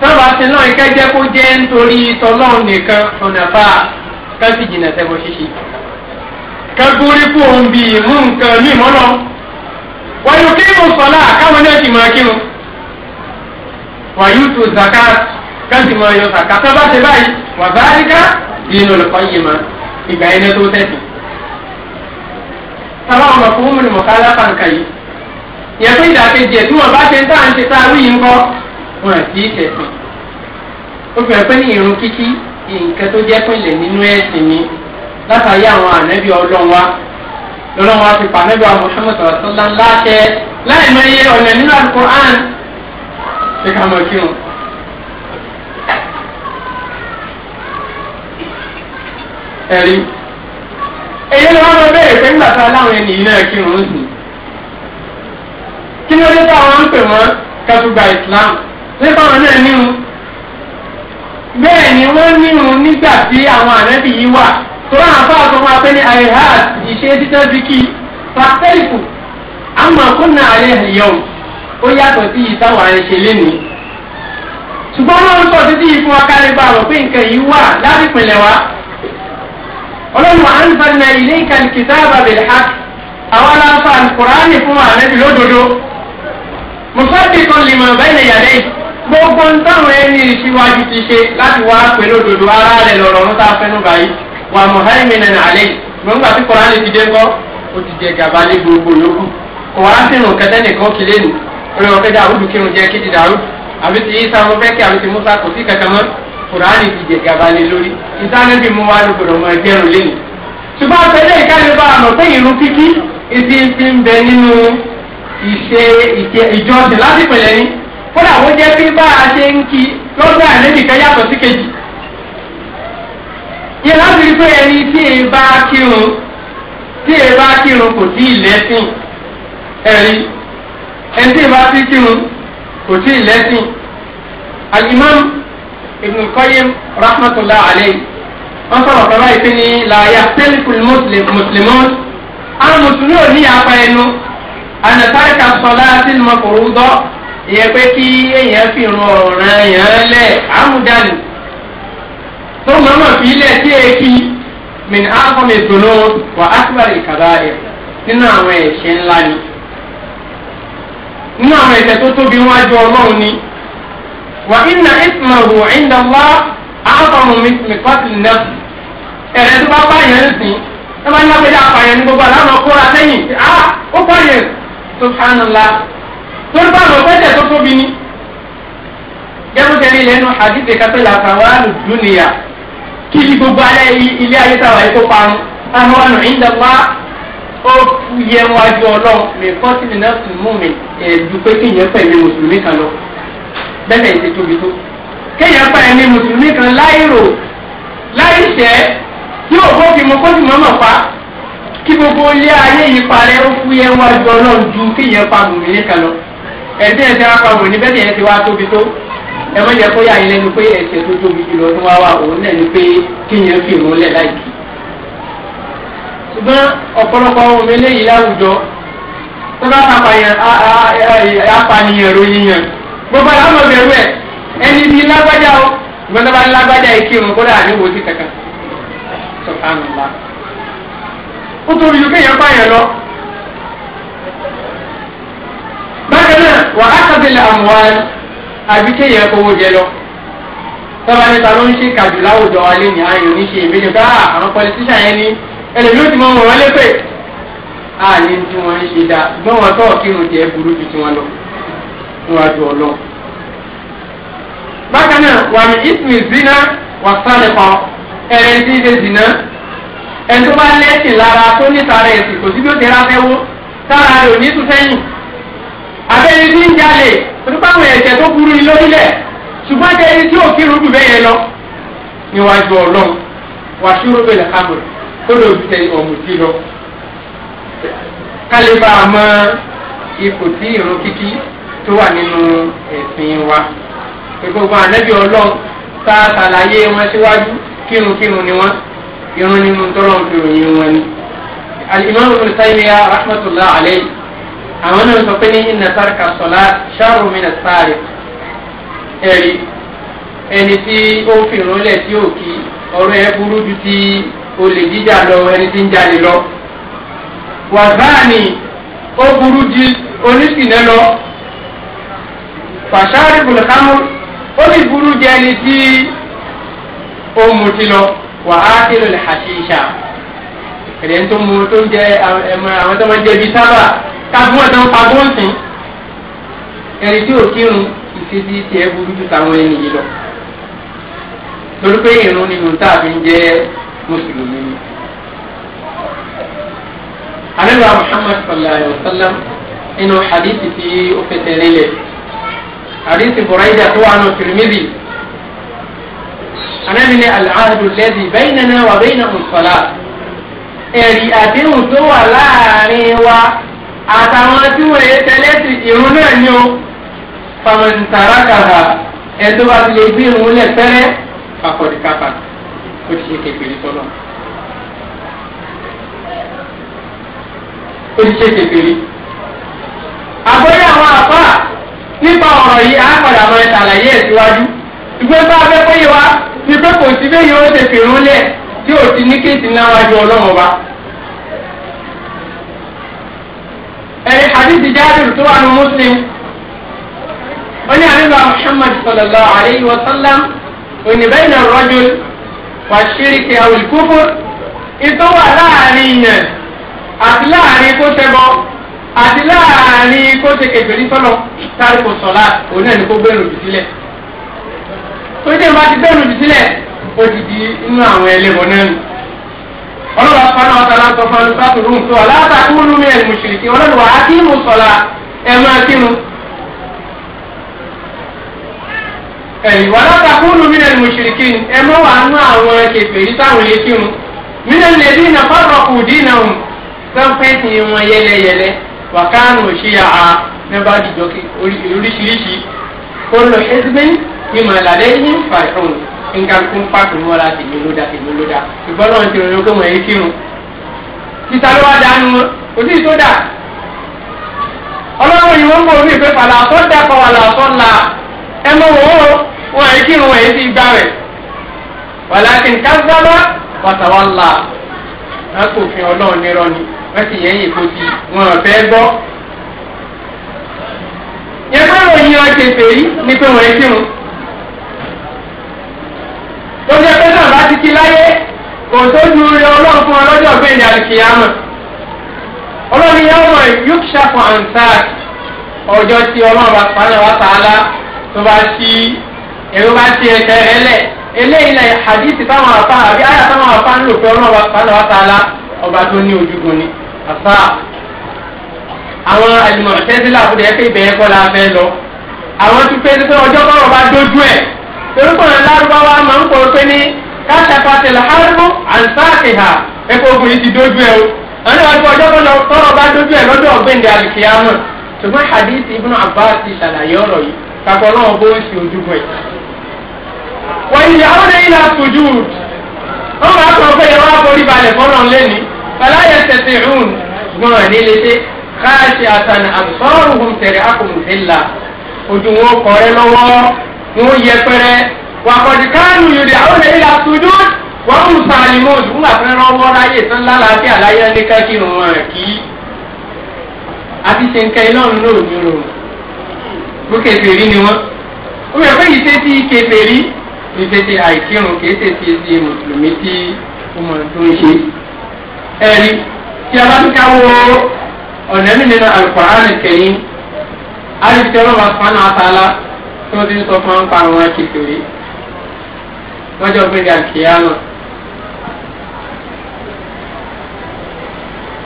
Speaker 1: sábà ti náà ikẹ́ jẹ́ kó jẹ́ nítorí tọ́lọ́run nìkan ọ̀nà bá kẹ́sì jìnà sẹ́wọ́ ṣíṣe. kẹ́gúrí fún òun bíi mú nǹkan ní ìmọ́lọ́ wọ́n yóò kí mo wàyútu zakat káńtì máa yọ zakat tó bá ṣe báyìí wà báyìíká dínú lọ́kọ́ yìí ma ìgbà yẹn tó tẹ̀sí. sábà wọn lọ fún mímu ká lápá nǹkan yìí yẹn fún ìdàkejì ẹ̀ tí wọ́n bá ṣe ń tà ń ṣe tá a wí yìí ń kọ́ wọn à sí ìṣẹ̀sìn. ó fi hàn pé ní irun kíkí nǹkan tó jẹ́ pínlẹ̀ nínú ẹ̀sìn ni látàrí àwọn ànẹ́bí ọlọ́run wa lọ́lọ́run wa fi pàmẹ́bí wa Muhammad sallallahu alaihi wasallam láṣẹ láì mọ iye ọ̀nà nínú Al-Qur'an ṣé ká mọ Eri. ẹ̀rí na ni wọ́n ebe efe pé ńgbà tá a láwọn ènìyàn náà kírun ń sìn. kí ló dé táwọn ń pè wọ́n kẹ́tùgbà Islam nípa àwọn náà nírun. bẹ́ẹ̀ ni wọ́n nírun nígbà tí àwọn ànábì yìí wà tó láwọn afọ àtọmọ apẹ ní àìhá ìṣe títẹ́ bí kí pàtẹ́lìkù àmọ́ na àlẹ́ ìyọ̀wò. ó yàtọ̀ sí yìí táwọn lénìí ṣùgbọ́n wọ́n sọ títí yìí fún wa rò pé nǹkan yìí wà lábìpínlẹ̀ wa ọlọ́run à ilé ìkàlìkìtà bàbẹ̀lẹ̀ ha àwọn aláǹfà kùránì fún àlẹ́bí lódodo kan lè mọ̀ bẹ́ẹ̀ nìyàlẹ́ gbogbo ń táwọn ẹni ìṣíwájú ti ṣe láti wá pé lódodo ara rẹ̀ lọ̀rọ̀ ń ta fẹ́nu báyìí wà ọlọ́run wọn fẹ́ dàrúdù kírun jẹ́ kí ti dàrú àbí ti isa wọn fẹ́ kí àbí ti musa kò sí kankan mọ́ kùránì ti jẹ gabalẹ̀ lórí ìtànẹ́bí mu wá ló gbọdọ̀ mọ ẹgbẹ́rún lẹ́nu. ṣùgbọ́n àtẹ̀lẹ́ ìkàlẹ̀ bá àmọ̀ pé ìrún kíkí ìfi ti ń bẹ nínú ìṣe ìjọsìn láti pẹ̀lẹ́ ní kódà ó jẹ́ pé bá a ṣe ń kí lọ́dọ̀ àlejò kan yàtọ̀ sí kejì. yẹ láti rí pé ẹni tí èyí bá kírun tí èyí bá kírun kò sí ìlẹ́sìn ẹ̀rí ẹni tí ìbá ti kírun kò tí ì lẹ́sìn alimam ibn qayyim rahmatulah alayhi wọ́n sọ̀rọ̀ bàbá yìí pé ní làyà tẹ́lifùl mùsùlùmọ́ àwọn mùsùlùmí ò ní apá ẹnu ànàtàkà sọlá tí mo kòrò dọ́ ìyẹn pé kí èèyàn fi ràn ọ̀ràn èèyàn lẹ̀ àmúdánù tó mọ̀mọ́ fi lẹ̀ sí èkì min ákọ́mi dùnú wà á ti nínú àwọn ẹ̀ṣẹ̀ ńlá ni. nínú àwọn ẹ̀ṣẹ̀ tó tóbi wájú ọlọ́run ni wà inna ismahu inda Allah àkọ́mù mi kọ́tì nẹ́ẹ̀f
Speaker 2: ẹ̀rẹ́ tó bá báyẹn ń
Speaker 1: sìn ẹ máa ń yàgbé dá apààyàn ní gbogbo àlànà kóra sẹ́yìn á ah, ó pààyàn subhanallah torí báwọn ọ̀pẹ̀ṣẹ̀ tó tóbi ni jẹ́rújẹ́rì lẹ́nu àdìsẹ́ kápẹ́lá kàwáàlù ya kí ni gbogbo alẹ́ ilé ayé táwa yìí tó parun àwọn ọ̀nà ìjọba ó yẹ wájú ọlọ́run lè kọ́ sí nínú ẹ̀sùn mú mi èdú pé kí ìyẹn pẹ̀lú mùsùlùmí kan lọ bẹ́ẹ̀ ṣe tóbi tó kéèyàn pẹ̀lú ẹni mùsùlùmí kan láì rò láì ṣẹ́ tí òkú fi mọ kó sì mọ́ mọ̀ pa kí gbogbo ilé ayé yìí parẹ́ ó fú yẹ wájú ọlọ́run ju kí ìyẹn pa mùsùlùmí kan lọ ẹ̀dín ẹ̀sẹ̀ wá pa wòní bẹ́ẹ̀ ẹ̀sẹ̀ wá tóbi tó ẹ mọ̀ jẹ́ kó yà yín lẹ́nu pé ẹ̀sẹ̀ tó tóbi jùlọ tó wá wà òun náà ni pé kí ìyẹn fi òun lẹ̀ láì kí ṣùgbọ́n ọ̀pọ̀lọpọ̀ ohun mi léyìí láwùjọ tó bá pàpàyàn apànìyàn gbogbo àwọn
Speaker 2: ẹni bíi lágbájá o
Speaker 1: tó bá ní lágbájá yìí kó níwò sí kankan ó pààyàn lọ. bákan náà wà á kábílẹ̀ àmúwárí àbí kówó jẹ lọ tọ́ba ẹlẹ́mi ó ti mọ wọn lépè a ní tí wọ́n ń ṣe dáa gbọ́n wọn tọ́ kírun jẹ́ burú ju tiwọn lọ wọn àjọ ọlọ́ bákan náà wà ní ismi zina wà sálẹ̀ kan ẹ̀rẹ́ tí ń ṣe zina ẹni tó bá lẹ́sìn lára tó nítorí ẹ̀sìn kò sí bí ó ti rà fẹ́ wó rẹ̀ ò ní tún sẹ́yìn abẹ́ni tí ń jalè onípàwọn ẹ̀jẹ̀ tó burú ni lórílẹ̀ ṣùgbọ́n jẹ́ ẹni tí ò kírun jù bẹ́ẹ̀ yẹn lọ níwájú ọlọ́run wàṣúrò bẹ̀rẹ̀ kábọ̀rẹ̀ tó ló ti tẹ ọ̀mùtí lọ kálíbà mọ ipò tí ìrun kíkí tó wà nínú ẹ̀sìn wa gbogbo ànábì ọlọ́run tá a ṣàlàyé wọn síwájú kírunkírun ni wọn irun nínú tọ́lọ̀ ń fi ròyìn wọn ni. alimami ibn taymiya rahmatulah alayhi àwọn náà sọ pé ní inna tarka sọlá mi nà sáré ẹ̀rí ẹni tí ó fi ìrun tí ò kí ọ̀rọ̀ ẹ̀ burú ju ti olè jíjà lọ ẹni tí ń jalè lọ. wàzáàni ó burú di onísìnẹ́ lọ. fàṣáàrí bùrùkánú ó lè burú di ẹni tí ó mutí lọ. wàhálà kìlọ̀ lè hàṣíṣà. ẹ̀rẹ̀ tó mu tó ń jẹ àwọn tó máa ń jẹbi sábà kábùn ọ̀dọ́ pàbọ́n sìn. ẹni tí ò kírun ìṣesí tiẹ̀ burú ju tàwọn ẹni yìí lọ. lórí pé ìrún ni yòóntà fi ń jẹ́ mùsùlùmí ni. àlejò muhammad sallallahu alayhi wa sallam inú hadithi tí ó fẹsẹ̀ nílẹ̀ hadithi buraida tó wà nù tìrìmìbì anamini al'ahdu lẹ́dí bẹ́yìnana wà bẹ́yìnà mùsùlá ẹ̀rí àdéhùn tó wà láàrin wa
Speaker 2: àtàwọn tí
Speaker 1: wọ́n yẹ tẹ́lẹ̀ sí ìrún náà ni ó fàmìntàràkàrà ẹ̀ tó bá ti lè gbé ìrún lẹ̀ fẹ́rẹ́ àkọ́dìkàkà ó ti ṣe kékeré tọ́lọ̀ ó ti ṣe kékeré. àgbẹ̀rẹ̀ àwọn àfa nípa ọ̀rọ̀ yìí á padà máa ṣàlàyé ẹ̀ síwájú ìgbẹ́ bá abẹ́ péye wa ni pé kò sí bẹ́ẹ̀ yóò ṣe fèrún lẹ̀ tí ò ti ní kéèsì náà wájú ọlọ́run ọba. ẹ̀rí àdìsí jáde tó wà ní muslim ó ní Muhammad sallallahu alayhi wa sallam òní bẹ́ẹ̀ náà rọ́jò wàṣíríkì àwòlùkúfò ìtọ́ wà láàrin yẹn àti láàrin kó ṣẹbọ àti láàrin kó ṣe kẹfẹ́rí sọ́lọ sáré kò sọ̀lá òun náà ní kó gbẹ̀rù òbí sílẹ̀ tó jẹ́ bá ti gbẹ̀rù òbí sílẹ̀ ó ti di inú àwọn ẹlẹ́wọ̀n náà nù
Speaker 2: ọlọ́wà fana ọ̀tá láǹtọ̀
Speaker 1: fún alùpàtò lóhùn tó lómi ẹ̀ mùsùlùmí ọlọ́wà á kí mú sọ̀lá ẹ̀ máa kí mu. ẹ̀yìnwá látàkùnú mílẹ̀ mùsùlùkì ẹ mọ́ wàá nú àwọn kẹfẹ́ yìí táwọn lè kí wọn mílẹ̀ lè dín iná fọ́ọ̀rọ̀ kù dín iná wọn pẹ́ńpẹ́ǹtì wọn yẹlẹyẹlẹ wàkánù òṣìyà á nígbà dìjọ oríṣiríṣi olùlọ ẹgbẹ́ ìmọ̀lálẹ́ yìí fàṣọ̀n nǹkan kún pàtó mọ́ra tèmi ló dá tèmi ló dá ìgbọ́n náà ti rìn lókè wọ̀nyí kírun títa ló wá dánú wọn òtí tó dà ọlọ́run yìí wọ́n mọ̀ orí ìfẹ́ fàlà àtọ́ dà kọ́ wàlà àtọ́ la. ẹ mọ wò wọn àyè kí irun èyí ti gbá rẹ̀ wàlákin kásábà pàtàwálà wọn ọlọrun fi ni wọ́n sì yẹn yìí kó ti wọn ò fẹ́ yẹn fèrí pé tó pé náà bá fún ọlọ́jọ́ bẹ́ẹ̀ ni àlùkìyàmọ̀ ọlọ́run yẹn wọ̀ ọjọ́ tí ọlọ́run bá wá tó bá sí ẹ̀rọ bá sí eléyìí náà hadith táwọn afá àbí àyà táwọn afa ń lò pé ọlọ́wọ́ wa ta'ala tó ní ni àfá àwọn àjùmọ̀ tẹ́sílà kò dẹ́ pé ìbẹ̀yẹ kọ́ la fẹ́ lọ àwọn tó fẹ́ pé ọjọ́ bọ́rọ̀ náà máa ń pé ní ti o àwọn ìwádìí ọjọ́ kakọ lọ́wọ́ bó ń fi ojúbọ ẹ̀. wọ́n yìí àwọn ẹ̀yìn náà sojú wọ́n máa sọ pé ìwọ́n àforí balẹ̀ fọ́nrán lẹ́ni aláyẹ tẹ̀sí rún gbọ́n ní lédè káàṣì àtàn àbùsọ̀rùhùn tẹ̀rẹ̀ àkùnfìlà ojú wọn kọ̀rẹ́ lọ́wọ́ wọn yẹ pẹrẹ wàkọ̀dì kánú yòdì àwọn ẹ̀yìn náà sojú wọ́n mú sàlìmọ́ òdùnkún àfẹ́rẹ́ ọwọ́ láyé tán lálàáfíà láyé ní kákìrún wọn kì í àti ṣe ń kẹ́ iná nínú òmìnirò pé kèfèrí ni wọ́n ó yẹ pé ìṣe ti kèfèrí ìṣe ti àìkírun kìí ṣe ti ti mùsùlùmí tí ó mọ̀ tó ń ṣe. ẹ̀rí tí a bá ń káwọ́ ọ̀nà mi nínú Al-Qur'an kẹ́yìn alìsẹ́rọ̀ wa fana àtàlà tí wọ́n ti ń sọ fún wa ń pa àwọn akèfèrí wọ́n jọ gbé ga kìá náà.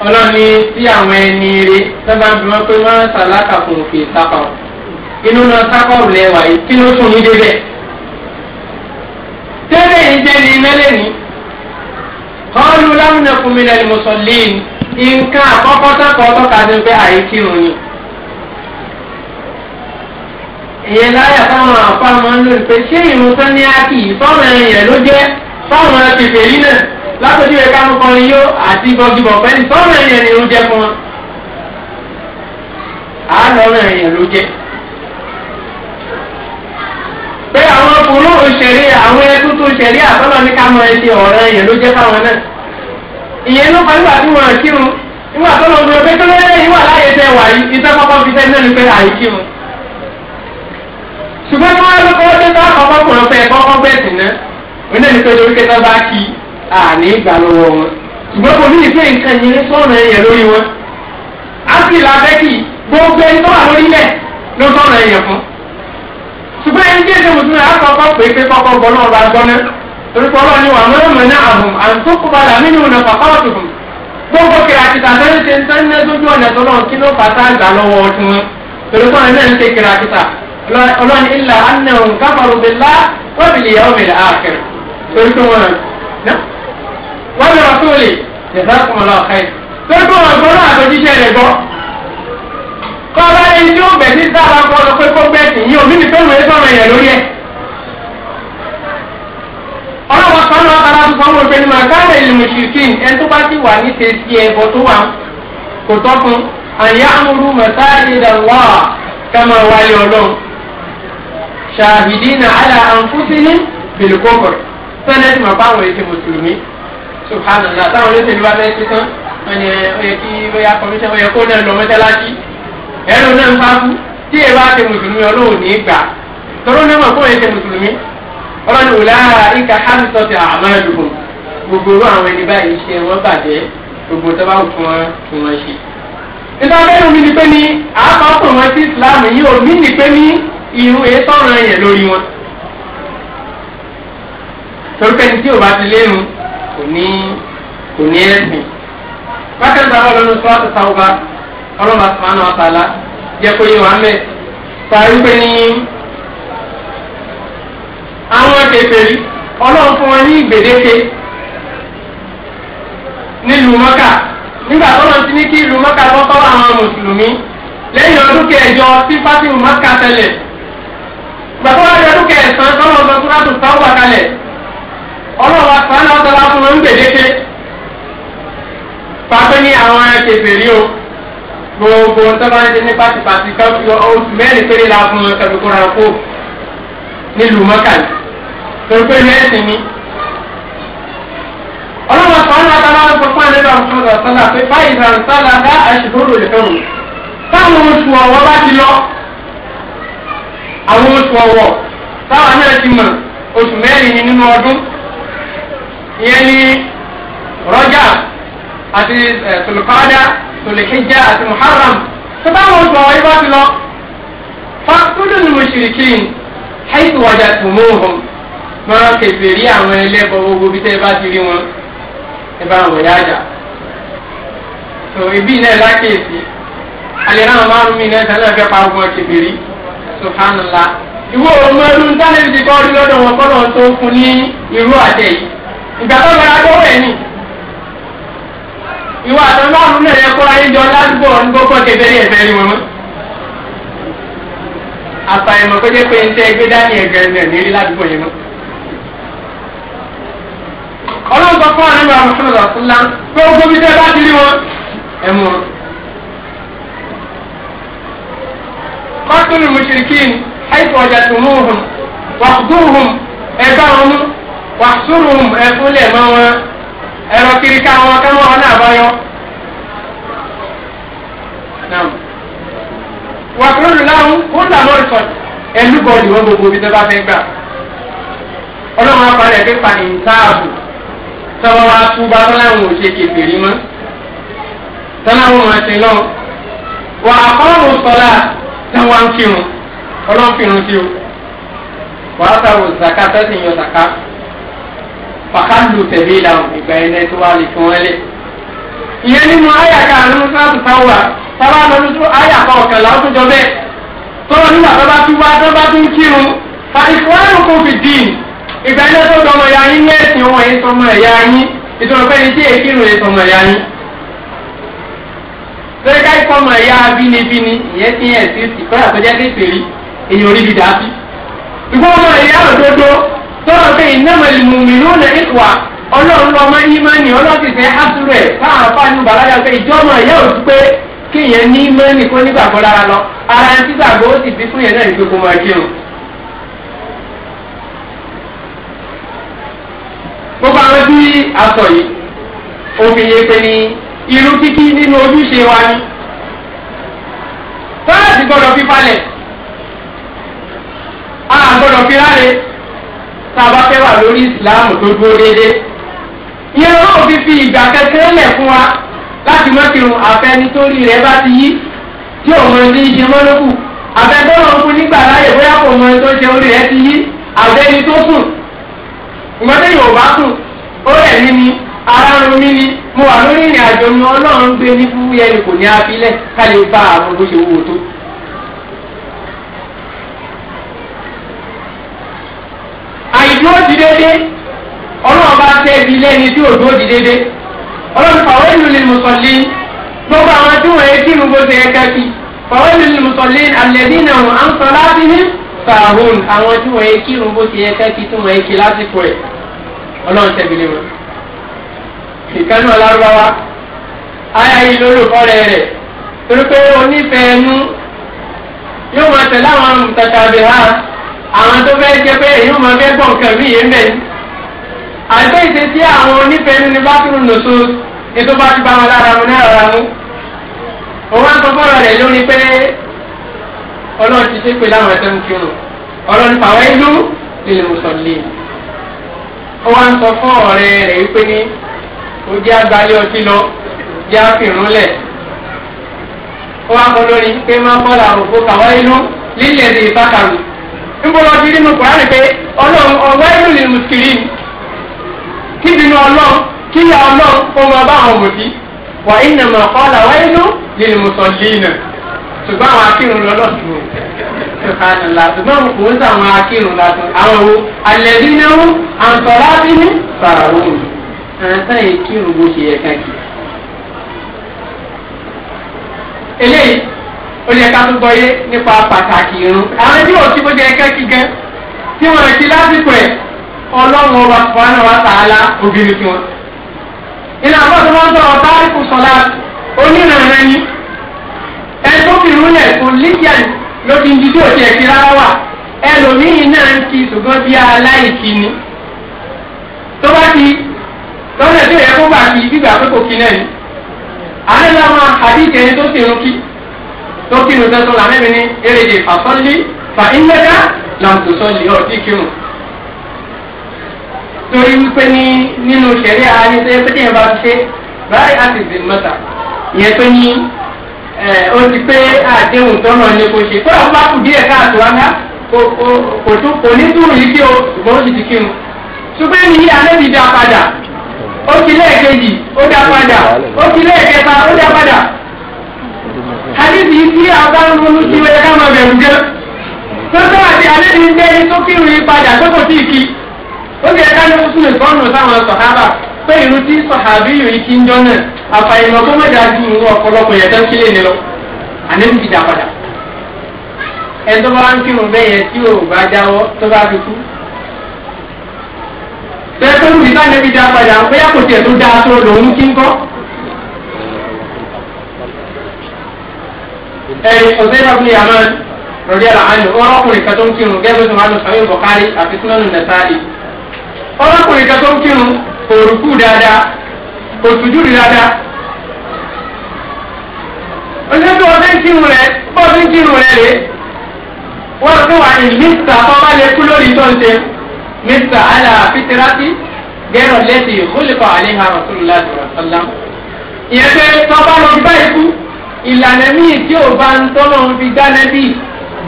Speaker 1: ọlọ́ni tí àwọn ẹni eré sábà bí wọ́n pé wọ́n ń sàlákà fún òfin ìtàkà inú náà sákọ̀ọ̀ lẹ́wà yìí kí ló sùn yín débẹ̀. tẹ́lẹ̀ yìí jẹ́ ní mẹ́lẹ̀ ní. kọ́ọ̀lù lámùnẹ́kùnmílẹ̀ ni mùsùlùmí nǹkan àkọ́kọ́ sẹ́kọ̀ọ́ tọ́ka sí pé àyè kírun ni. èyí láyà táwọn àpá máa ń lò pé ṣé ìrún sani ákì fáwọn èèyàn ló jẹ́ fáwọn kèfèrí náà látọ̀jú ẹ̀ka mọ́kànlá yó àti bọ́gibọ̀ pẹ́ẹ́lí fáwọn èèyàn ni ó jẹ́ fún wọn. àádọ́rin èèyàn ló jẹ́ pé àwọn polówó ṣẹlẹ àwọn ẹtú tó ṣẹlẹ àtọ́nà ní ká mọ ẹtì ọ̀rẹ́ yẹn ló jẹ́ fáwọn náà ìyẹn ló fa nígbà tí wọn kírun nígbà tó lọ sọ pé kílódé yìí wà láyé tẹ wà yìí iṣẹ́ kọ́kọ́ fi tẹ́ náà ní pé àyè kírun ṣùgbọ́n tí wọ́n lọ kọ́ dé bá ọkọ̀kùnrin fẹ́ kọ́kọ́ gbẹ̀sì náà wọn náà ní pé lórí kẹta bá kí àní ìgbà lọ́wọ́ wọn ṣùgbọ́n kò ní ìfẹ́ ṣùgbọ́n ẹni tí èdè mùsùlùmí àkọ́kọ́ pé pé kọ́kọ́ gbọ́ náà bá gbọ́ ná torí pé ọlọ́ọ̀ni wà mọ́ mọ́ ní àhùn àtúkù padà nínú ọ̀nà pàpà ọ̀tùkùn gbogbo kìrà kìtà sẹ́ni ṣe ń sẹ́ni lójú ọ̀nà tó náà kí ló fàtà gbà lọ́wọ́ ọtún wọn torí pé ọ̀nà ń ṣe kìrà kìtà ọlọ́ọ̀ni ilà anahun káfàrú bi lá wọ́n kọ́lá ẹni tí ó bẹ̀ ní sábà kọ́ lọ pé kó bẹ́ẹ̀ tìyín omi ní pẹ́ẹ́lú ẹ̀ sọ̀rọ̀ ẹ̀yẹ̀ lórí ẹ̀. ọlọ́wọ́ kan náà kára tó fọwọ́ pé ní màá káàrẹ̀ ìlú ṣìkìn ẹni tó bá ti wà ní tèsí ẹ̀bọ tó wà kò tọ́ fún àyà amúrú mọ̀sáàdì dàwọ́ kama wáyé ọlọ́run ṣàhìdínà àlà àǹfùsíní bìlùkọ́kọ̀ sẹ́nẹ́tì màá bá àwọn èsì mùsùlùmí subhanallah táwọn olóṣèlú wa fẹ́ẹ́ ṣe tán wọ́n yẹ kí wọ́n yà kọ́míṣẹ́ wọ́n yẹ kó náà lọ mọ́ṣáláṣí ẹnu náà ń bá kú tí ẹ bá ṣe mùsùlùmí ọlọ́run ní gbà tọ́lú náà mọ̀ fún ẹ ṣe mùsùlùmí ọlọ́run wò lára ìka hàmìtọ́ ti àmọ́ ẹ̀dùnkùn gbogbo irú àwọn ẹni báyìí ṣe wọ́n bàjẹ́ gbogbo fún wọn fún wọn ṣe. bẹ́ẹ̀ ni pé ní àápapọ̀ wọn sí Islam yìí omi ni pé ní irú ètòràn yẹn lórí wọn. torí tí ò bá ti lérun kò ní kò ní ọlọ́mọ asọ́nà àtàlà jẹ́ kó yé muhammed tàbí pé ní àwọn kèfèrí ọlọ́run fún wọn ní ìgbèdéke nílùú mọ́kà nígbà tọ́lọ́ ti ní kí ìlú mọ́kà kọ́kọ́ àwọn mùsùlùmí lẹ́yìn ọdún kẹjọ tí fásitì mọ́kà tẹ̀lẹ̀ gbàtọ́ wá di ọdún kẹsàn-án tọ́lọ́ ọ̀gbọ́n tó látò sáwọ́ àkàlẹ̀ ọlọ́run asọ́nà àtàlà fún wọn ní ìgbèdéke pàápẹ́ ní àwọn kèfèrí o gbogbo tọ́mọdé ní pátipàti káfí oṣù mẹ́rin péré la fún wọn kẹfì kóra kó nílùú mọ́kàlì torí pé mẹ́rin ni. ọlọ́wọ́ sọ̀rọ̀ náà tábà ń fọ́pọ́n nígbà fún ọ̀sán sọ́lá pé báyìí sàn sọ́lá bá àṣìkòrò lè fẹ́ràn. táwọn oṣù ọ̀wọ́ bá ti lọ àwọn oṣù ọ̀wọ́ táwọn náà ti mọ̀ oṣù mẹ́rin ni nínú ọdún ìyẹn ni rọ́jà àti tòlùkọ́dá. Eh, tòlẹ́kẹ́jẹ́ àti muharram tó táwọn oṣù àwọn ibà ti lọ fàkúndùn ní mushrikin haythu wajadtumuhum máa kẹfìrí àwọn ẹlẹ́bọ̀ gbogbo bí tẹ́ bá ti rí wọn ẹ bá wọ̀ yájà. tó ibi náà lákèsí àlèrán márùn mi náà sálẹ̀ fẹ́ pa ogun kẹfìrí subhanallah. ìwọ ọmọlú ń sálẹ̀ ti kọ́ ọdún lọ́dọ̀ wọn kọ́ lọ́n tó fún ní irú àtẹ yìí. ìgbà tó lọ́ra tó wẹ̀ ni. ìwà àtọ́lọ́run náà yẹ kó ayé jọ ládùúgbò gbogbo kékeré ẹ̀fẹ́ wọn mọ́. àfàìmọ̀ pé pé ń tẹ́ gbé dání ẹ̀gẹ́ ẹ̀gẹ́ ní ládùúgbò yẹn mọ́. ọlọ́run sọ fún àníbà mùsùlùmí ọ̀túnlá pé tẹ́ bá ti rí wọn mú wọn. ẹ̀rọ kiri káwọn káwọn ọ̀nà àbáyọ. wàkúrò láwọn wọn là lọ́ọ̀rì sọ ẹlú bọ́ọ̀lù wọn gbogbo bí tẹ́lá fẹ́ gbà ọlọ́run apalẹ̀ ẹgbẹ́ pani ntaàbù tọ́wọ́ wa kú bá tọ́láwọn ò ṣe kékeré mọ́ tọ́láwọn máa ṣe lọ́wọ́ wà á kọ́ ọ̀rùn sọ́lá táwọn ń kírun ọlọ́run kírun sí o wà á ta òòsàká tẹ́sí yan sàká fàkàndù tẹ̀lé ìlànà ìgbà ilẹ̀ tó wà lè fún ẹlẹ́. ìyẹn nínú àyà kan nínú sáàtù táwà sábà lọ́dún tó àyà kan ọ̀kànlá ó tún jọ bẹ́ẹ̀. tọ́lọ́ nígbà tó bá tún wá tó bá tún kírun fa ìfúwárò kò fi dín ìgbà ilẹ̀ tó dọmọ ya yín lẹ́sìn wọn èyí sọmọ ẹ̀yà yín ìtọ́nà pẹ́ni tí èyí kírun èyí sọmọ ẹ̀yà yín. lórí ká ìfọmọ ẹ̀yà bínibíni ìyẹn ti ẹ̀ sí ìkọ́yà tó jẹ́ kékeré èyí orí bi dàá sí. ìfọwọ́mọ ẹ̀yà òdodo tọ́lọ̀ pé innamal mu'minuna ikhwa ọlọ́run lọ́mọ ìmánì ọlọ́sì àtúrẹ̀ káwọn afáàní bàlájà pé ìjọ́mọ̀ ìyá ò pé kéèyàn ní ìmánì kó nígbàgbọ́ lára lọ ara ó sì fi fún yẹn náà máa jẹun. gbogbo àwọn tí a sọ yìí òfin yẹn pé ní irú kíkí nínú ojúṣe wa ni tọ́lá ti gbọ́dọ̀ fi falẹ̀ a gbọ́dọ̀ fi rárẹ̀. tá a bá fẹ́ wà lórí ìsìláàmù tó dúró déédé. ìyẹn náà fi fi ìgbà kẹsẹ̀ lẹ̀ fún wa láti mọ́kìrun àfẹni tó rí rẹ̀ bá ti yí tí òun ẹni ń ṣe mọ́lókù àfẹntó lọ fún nígbà láyè bóyá kò mọ ẹni tó ṣe orí rẹ̀ ti yí àfẹni tó sùn ìmọ̀tẹ́ yorùbá sùn ó rẹ̀ mí ni ara ń mí ni mo wà lórí ìrìn àjò mi ọlọ́run gbé ní fúyẹ́ ni kò ní abilẹ̀ ká lè bá àwọn bó ṣe wúwo déédé ọlọ́run bá tẹ́ ibi lẹ́ni tí òjò di déédé ọlọ́run fàwọn ìlú ni mùsọ̀lì gbogbo àwọn tí wọ́n ti rú gbogbo ẹ̀ka sí fàwọn ìlú ni mùsọ̀lì alẹ́dínà wọn à ń sọ láti ní sàhùn àwọn tí wọ́n ti rú gbogbo ẹ̀ka sí tí wọ́n ti lásìkò ẹ̀ ọlọ́run tẹ́ ibi wọn. ìkànnì ọlárúbáwá ayé ayé lórúkọ rẹ̀ rẹ̀ torí pé yóò máa tẹ̀lé àwọn mùtàkàbẹ̀ àwọn tó fẹ́ jẹ bẹ́ẹ̀ yóò máa fẹ́ gbọ́ nǹkan mí yẹn bẹ́ẹ̀ ni. àìpẹ́ ìṣe tí àwọn onífẹ́ nínú bá tún lò so ètò bá ti bá wọn lára mu náà rà mú. òun á sọ fọ́ọ̀rọ̀ rẹ̀ lórí pé ọlọ́run ti ṣépè láwọn ẹ̀tẹ́ ń kírun ọlọ́run pàwọ́ ìlú lílù mùsọ̀lì. ó wá ń sọ fún ọ̀rẹ́ rẹ̀ wípé ní o jẹ́ ọtí lọ jẹ́ àfihàn lẹ̀. ó wá kọ́ lórí pé má bọ́lá nbọlọ ti nínú kùránì pé ọlọ́run ọ̀wá ìlú ni mùsùlùmí kí bínú ọlọ́run kí ya ọlọ́run kó máa bá àwọn òbí wà ìnà máa kọ́ ọ̀là wá inú ni mùsùlùmí ṣùgbọ́n àwọn akírun lọ́lọ́sùn ṣùgbọ́n ṣùgbọ́n kò ń sàwọn akírun lásán àwọn owó alẹ́ nínú àǹtọ̀lá bínú fàràwọ̀ àǹtá ìkírun bó ṣe yẹ káàkiri. eléyìí ó yẹ ká tó gbọ́ yé nípa pàtàkì irun. àwọn ẹbí ò sí bó jẹ ẹkẹ́ kí gan tí wọ́n ti lásìkò ẹ̀ ọlọ́run ọba fúnra wa tààlà obìnrin fún wọn. ìlà àbọ̀ tó wọ́n sọ̀rọ̀ táàríkù sọ̀lá onírànrẹ́ ni ẹ̀ẹ́dọ́bìnrin rẹ̀ kò líyà lóbi ibi tí ò tiẹ̀ ti rárá wà ẹlòmíì náà ń kí ṣùgbọ́n bí aláìkí ni. tó bá ti lọ́nà tí yẹ kó gbà kí gbígbà pé kò kí náà ni. àlejò àwọn àdìjẹ tó ti rún kí tó kírun tẹ́tọ́ la mẹ́mi ní eréje fàtọ́lì fà ìmẹ́ta làǹtòsọ lè ọ̀ tí kírun. torí wípé ní nínú sẹ̀rí àárín tó yẹ pé téèyàn bá ṣe báyìí á ti dì mọ́ta ìyẹn pé ní ó ti pé àdéhùn tọ́nà ni kò ṣe kódà fún bá kù díẹ̀ káàtó wáńgá kò tún kò ní túrù yìí kí o ṣùgbọ́n ó sì ti kírun. ṣùgbọ́n ní alẹ́ ti dá padà ó ti lẹ́ẹ̀kejì ó dá padà ó ti lẹ́ẹ̀kẹta ó dá padà àdìsí tí a bá ń ronú sí ẹ ká máa bẹ̀rù jẹ́ tọ́tọ́ àti àdìsí ń tẹ́ni tó kírun yí padà tó kò tí ì kí ó sì ẹ̀ka ní oṣù nìkọ́nù táwọn sọ̀hábà pé irú tí sọ̀hábì yìí kí ń jọ́nà àfàìmọ̀ tó mọ̀jà ju ìwọ ọ̀pọ̀lọpọ̀ yẹn tán kílè ní lọ àdìsí ti dà padà ẹ tó bá ń kírun bẹ́ẹ̀ yẹn tí ò bá jáwọ́ tó bá fi kú
Speaker 2: tẹ́tọ́
Speaker 1: ọ̀sẹ̀yìnbá fún yàmán rọ̀dí àlàáni ọ̀rọ̀kùnrin kan tó ń kírun gẹ́gẹ́ tó máa lọ sàmì bọ̀kárì àti sinanu nàtàlì ọ̀rọ̀kùnrin kan tó ń kírun òrùkú dáadáa òtújúri dáadáa onídàájọ́ ọ̀sẹ̀ ń kírun rẹ̀ bọ́ọ̀sì ń kírun rẹ̀ rè wọ́n rọ̀ pé wà ní mísà ọba lè kú lórí tó ń ṣe mísà àlà fitirati gẹ́rọ̀ lẹ́sìn ìlànà míì tí ò bá ń tọ́nà ń fi dáná bí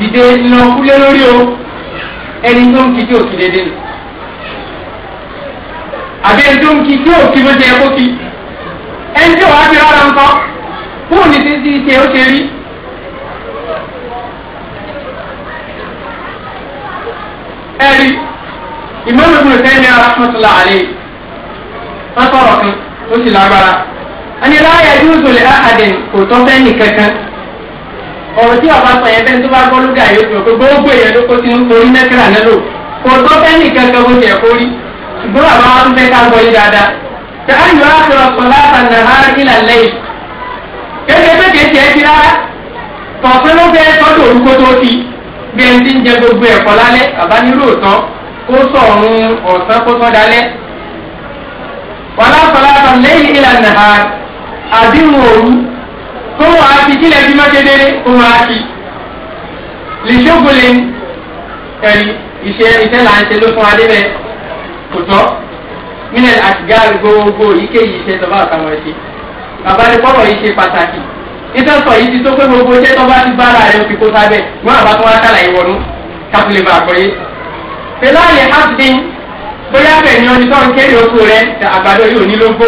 Speaker 1: dìde nà kúlé lórí o ẹni tó ń kí tí ò kí dédé nù àbí ẹni tó ń kí tí ò kí ló jẹ kó kí ẹni tí ò wá fi rárá ń kọ́ fóònù ní títí ṣe ó ṣe rí. ẹ̀rí ìmọ̀lùmọ̀ sẹ́yìn ní arákùnrin tó la àlè wọ́n sọ̀rọ̀ kan ó sì lágbára ẹni láàyè júùsù lè áhàdìn kò tọ́ fẹ́ni kankan ọ̀rọ̀ tí bàbá sọ yẹn fẹ́ tó bá gbọ́ lóga yóò fi hàn pé gbogbo èèyàn ló kó sínú orí mẹ́tìrà náà lò kò tọ́ fẹ́ni kankan bó tiẹ̀ kó rí ṣùgbọ́n bàbá wa tún fẹ́ ká gbọ́ yí dáadáa ṣe á yọ àtọ̀rọ̀ sọ láàtàn náà rárá ìlà lẹ́yìn kéde pé kéde ti rárá tọ̀pẹ́ ló fẹ́ tọ́jú orúkọ tó ti bí ẹni tí ń jẹ gbogbo ẹ̀kọ́ àdínwó òru tó wà á ti kílẹ̀ bí mákèdéré òun á ti lè ṣógunlé ẹ̀rí iṣẹ́ iṣẹ́ là ń ṣe ló fún adé bẹ́ẹ̀ kò tọ́ mílẹ̀ àtìgáàrí gbogbo ìkéyìí iṣẹ́ tọ́ba àtàwọn ẹ̀ṣẹ́ bàbá rẹ̀ pọ̀rọ̀ yìí ṣe pàtàkì iṣẹ́ sọ yìí ti tó pé gbogbo iṣẹ́ tọ́ba ti bára rẹ̀ fi kó sábẹ́ wọn àbá tó wá ṣàlàyé wọnú káfílẹ̀ máa gbọ́ yé. fẹláàlì hasbin bóyá bẹ́ẹ̀ ni ọdún tó ń kéré oko rẹ̀ àgbàdo yóò ní lógó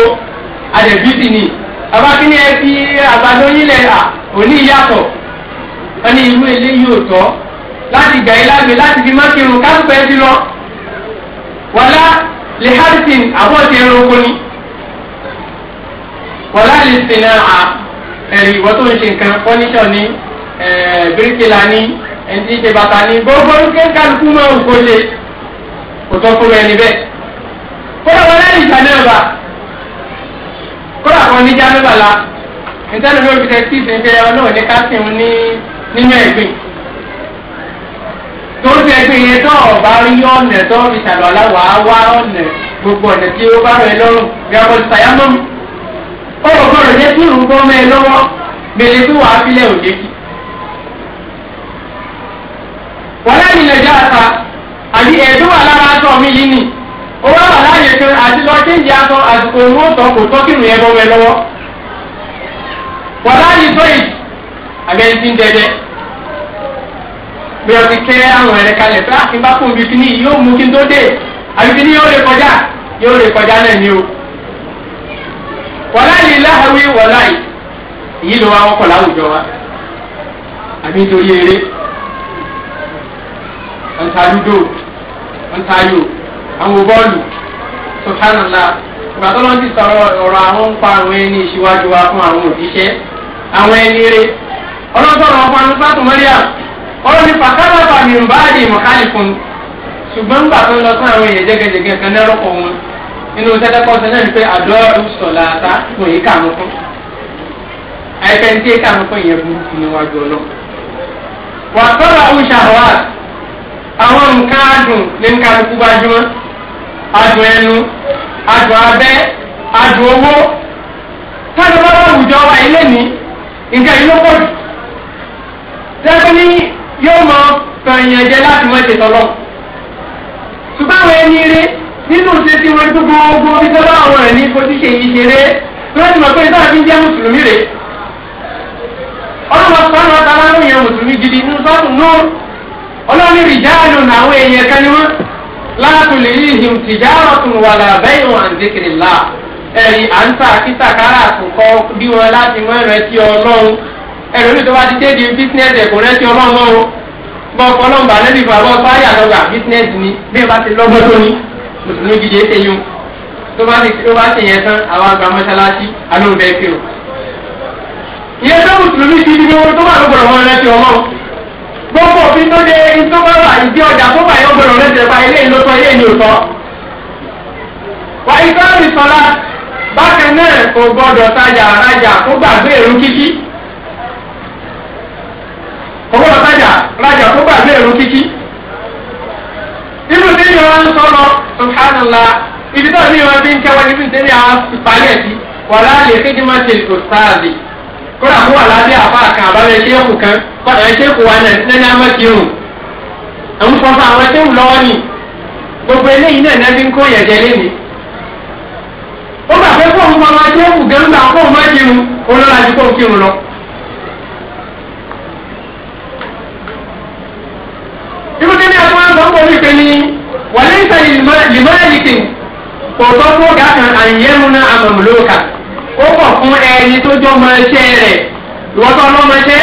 Speaker 1: adẹ̀bí sì ni abakini ẹ fi àgbàdo yílẹ̀ à òní yàtọ̀ ẹni ìlú eléyìí ò tọ́ láti gbà yín lágbè láti fi mákìrún kásùpẹ́ sí lọ wàlá lè hàrìsìn àbọ̀tì ẹranko ni wàlá lè sinà à ẹ̀rì ìwọ́ tó ń ṣe nǹkan fọ́níṣọ̀ ní bíríkìlà ní ẹni tí ń ṣe bàtà ní gbogbo kẹ́kàlùkù máa ń kó ṣe kò tọ́ fún ẹni bẹ́ẹ̀ kó lọ́wọ́ lẹ́yìn ìjà náà bá kódà kan ní jámẹ́bà la ìtẹ́nu ló fi tẹ́tí ìsìn fẹ́ ọ náà ní káṣíìn ní nínú ẹ̀gbìn tó ń tẹ́gbìn yẹn tó ọ̀bá rí ọ̀nà tó fi sàlọ̀ aláwọ̀ á wá ọ̀nà gbogbo ọ̀nà tí ó bá rẹ̀ lọ́rùn gbàgbọ́ sàyámọ́ ó rò gbọ́dọ̀ jẹ́ kí òun gbọ́ mẹ́ lọ́wọ́ gbèlè tó wàá filẹ̀ òde kì.
Speaker 2: wọ́n láyìn lè dá
Speaker 1: àbí ẹ̀ẹ́dúwà lára o wá wà láàyè kan àti lọ kéńjì aṣọ àsìkò ìlú ọ̀tọ̀ kò tọ́ kí mi ẹbọ wẹ lọ́wọ́ wà láàyè tó yìí àbẹ́yẹn ti ń dẹ́dẹ́ bí wọ́n ti kẹ́ àwọn ẹ̀rẹ́ kalẹ̀ pé àti ah, bá fún mi kíní yóò mú kí n tó dé àbí kíní yóò lè kọjá yóò lè kọjá náà ni o wà láàyè láhàwí èyí ló wá wọ́pọ̀ láwùjọ wa àbí nítorí eré ọ̀ntàlúdò ọ̀ntàlúdò. àwọn bọ́ọ̀lù subhanallah ìgbà tó lọ́n ti sọ̀rọ̀ ọ̀rọ̀ àwọn ń pa àwọn ẹni ìṣíwájú wa fún àwọn òṣìṣẹ́ àwọn ẹni eré ọlọ́sọ̀rọ̀ ọ̀pọ̀ àwọn sátò mọ́ríà ọlọ́ni pàkàlà pàmì ìbáàdì mọ̀kálìfún ṣùgbọ́n gbà tó ń lọ sọ́rọ̀ àwọn èèyàn jẹ́gẹ́jẹ́gẹ́ kan lẹ́rọ̀pọ̀ wọn nínú sẹ́tẹ́kọ́sẹ́ náà ni pé àdó ìsọ̀lá àtà fún èyí kàánú fún àìpẹ́ ní tí èyí kàánú fún ìyẹn burúkú níwájú ọlọ́ wà sọ́rọ̀ àwọn ìṣàwọ̀ àwọn nǹkan adùn ní nǹkan kú bá jùmọ̀ adùn ẹnu adùn abẹ adùn owó táwọn bá wà wùjọ wa ilé ní nǹkan yìí ló pọ̀ jù tẹ́gbẹ́ ní yóò mọ fẹ̀yìn jẹ láti mọ ìṣètò lọ. ṣùgbọ́n àwọn ẹni eré nínú ṣe tí wọ́n tó gbogbo bí sọ́dọ̀ àwọn ẹ̀ ní fojú ṣe ìṣeré lọ́sùn mọ̀ pé ń jẹ́ mùsùlùmí sọ́nà ọ̀tá aláwọ̀ yẹn mùsùlùmí gidi nínú sọ́ọ̀tún náà rìjáàlù èèyàn kan láàtò lè yí ihim tìjára tún wà lábẹ́yìn wọn àǹdékèrè là ẹ̀yìn à ń ta kíta kára àtúnkọ́ bí wọn láti mọ ẹ̀rọ ẹtí ọlọ́run ẹ̀rọ mi tó bá ti dé di bísínẹ́sì ẹ̀kọ́ rẹ̀ ti ọlọ́run lọ́wọ́ bọ́ ọlọ́run bá lẹ́bi bàbá ọba àyàlọ́gà bísínẹ́sì ni bí ẹ bá ti lọ́gbọ́n tó ní mùsùlùmí gidi ẹ̀ tẹ̀yìn tó bá ti tó bá ti yẹn tán àwọn àgbà mọ́ṣáláṣí gbogbo òfin tó de iṣẹ́ bá wà ìdí ọjà tó báyọ̀ gbọ́dọ̀ lẹ́sẹ̀ pa ilé ìlú sọ ilé ìlú sọ. wàá iṣẹ́ rìn sọ́lá bákan náà kò gbọ́dọ̀ tajà rajà kó gbàgbé èrú kíkí. kò gbọ́dọ̀ tajà rajà kó gbàgbé èrú kíkí. nínú tí yóò ń sọ̀rọ̀ ṣùkánàlá ibi tó ní wọn ti ń kẹwàá níbi ìdílé àwọn ìpàlẹ̀ sí wàlá lè kéde má ṣe kò sáàbì kó kọ́dà ẹ ṣe kò wá náà sílẹ̀ ní amákirun àwọn kan fún àwọn ṣéwù lọ́wọ́ ni gbogbo eléyìí náà náà fi ń kó yẹ̀jẹ̀ lẹ́nu. ó gbà pé fóun máa máa ṣéwù gẹ́gbà fóun máa kírun olóra ju fóun kírun lọ. ibùdó ní àwọn ọmọ pọ̀lú ìpè ní wàlẹ́ ìta lìmọ́ẹ̀lìkì kò tọ́ fún ọ̀gá kan àyẹ̀mú náà àmọ̀mọ̀lóka ó pọ̀ fún ẹni tó jọ mọ iṣẹ́ rẹ̀ ìwọ́tọ́ ọlọ́mọ iṣẹ́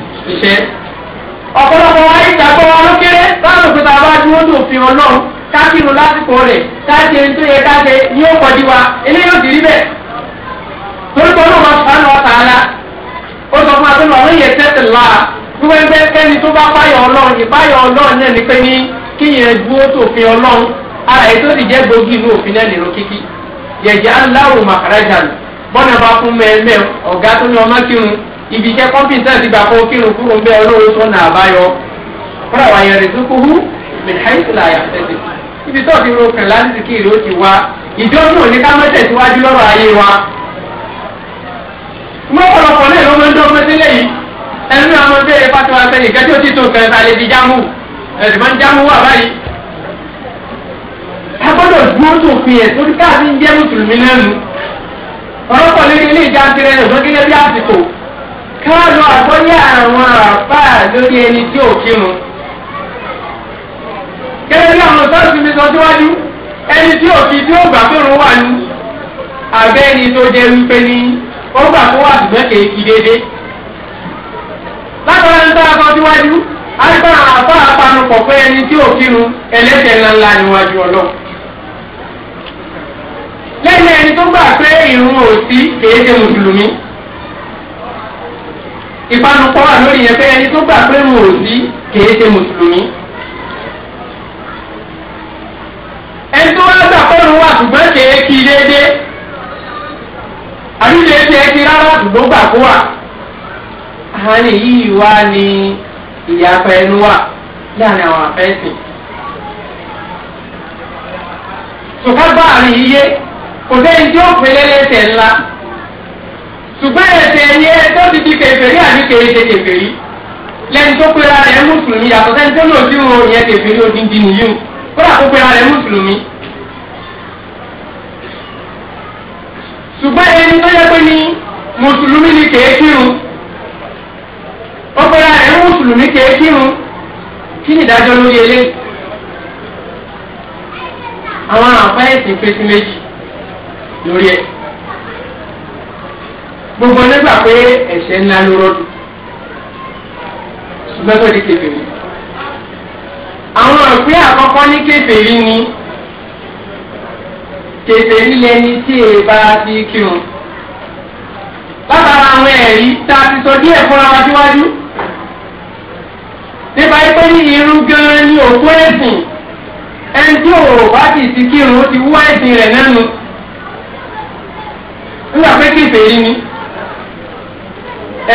Speaker 1: iṣẹ́. ọ̀pọ̀lọpọ̀ wa yìí gbàgbọ́ wa ló kéré báwo ló ta bá dúró tó fi hàn náà kákìrún lásìkò rẹ̀ káṣe ń tó yẹ káṣe ní ó kọjú wa eléyìí ò sì rí bẹ́ẹ̀. torí pé olóòwò sàánù ọ̀tà ala ó sọ fún akínú àwọn èèyàn tẹ́tì lá wíwẹ́ ń bẹ́ kẹ́ni tó bá páyọ̀ ọlọ́run ìpáyọ̀ ọlọ́run náà ní pé ní kíyẹn dúró tó fi ọlọ́run ara ètò ìjẹ́ gbòógì inú òfin náà nìró kíkí yẹ̀jẹ̀ aláwò màkàrà jàǹdù bọ́nà bá fún mẹ́ẹ̀mẹ́ ọ̀gá tó ní ọmọ kírun ibi iṣẹ́ kọ́mpìn náà ti gbà kó kírun kúrò ń bẹ́ olóró sọ́nà àbáyọ fúnra wa yẹn rẹ̀ tó kú hú mẹ̀háìsìlà àyàfẹ́sẹ̀ ibi tó ti ro kàn láti kiri ó ti wá ìjọ náà ní ká mẹ́tẹ̀ síwájú lọ́rọ̀ ayé wa. mọ́kànlọ́kọ̀ náà ló máa ń dán mẹ́tẹ́lẹ̀ yìí ẹnu náà máa ń bẹ̀rẹ̀ pátá wa sẹ́yìn kẹ́tí ó ti tó kẹta lè fi jámù ẹ̀sìn máa ń jámù wà báyìí. a gbọ́dọ̀ dúró tó fi ẹ̀ torí káàdì ń jẹ́ mùsùlùmí lẹ́nu ọ̀rọ̀ pọ̀ lórí ilé ìjà tirẹ̀ lọ́sọ́gẹ́lẹ́ bí àsìkò káàlù àgbọ́yé àwọn àpá lórí ẹni tí ò kírun. kẹ́lẹ́ bí àwọn sọ́ọ̀sì mi sọ síwájú ẹni tí ò tí ó gbà pérun wà ní abẹ́ ẹni tó jẹ́ wípé ní ó gbà wà déédéé. síwájú pé ẹni tí ò kírun ńláńlá níwájú ìbánupọ̀ wà lórí yẹn pé ẹni tó gbà pé mo ò sí kìí ṣe mùsùlùmí. ẹni tó wá gbà pé òun wà ṣùgbọ́n kìí kí déédéé àbí kìí ṣe kí rárá ṣùgbọ́n gbà kó wà. àárín yìí wá ní ìyàpẹ̀ ẹnu wà láàrin àwọn àfẹ́sìn. sọ̀ká bá àárín yíyé kò sẹ́yìn tí ó pèlè lẹ́sẹ̀ ńlá ṣùgbọ́n ẹ̀sẹ̀ ẹ̀yẹ tó ti di kèfèrí àbí kèéṣe kèfèrí lẹ́nu tó pera rẹ̀ mùsùlùmí yàtọ̀ sẹ́ni tó lòdì wo ìyẹn kèfèrí odindi nìyí o kódà tó pera rẹ̀ mùsùlùmí. ṣùgbọ́n ẹni tó yẹ pé ní mùsùlùmí ni kèékìrun ó pera rẹ̀ mùsùlùmí kèékìrun kí ni ìdájọ́ lórí eléyìí àwọn àǹfààní ẹ̀sìn pèsè méjì lórí ẹ̀ gbogbo nígbà pé ẹ̀ṣẹ̀ ńlá ló rọ́dù ṣùgbọ́n tó di kébèrè àwọn òpin àkọ́kọ́ ní kébèrè ni kébèrè lẹni tí èè bá ti kírun látara àwọn ẹ̀rí tá a ti sọ díẹ̀ fúnra wa síwájú nípa pé ní irú gan-an ni òkú ẹ̀sìn ẹni tí òwò bá ti ti kírun ó ti wú ẹ̀sìn rẹ̀ nánu nígbà pé kébèrè ni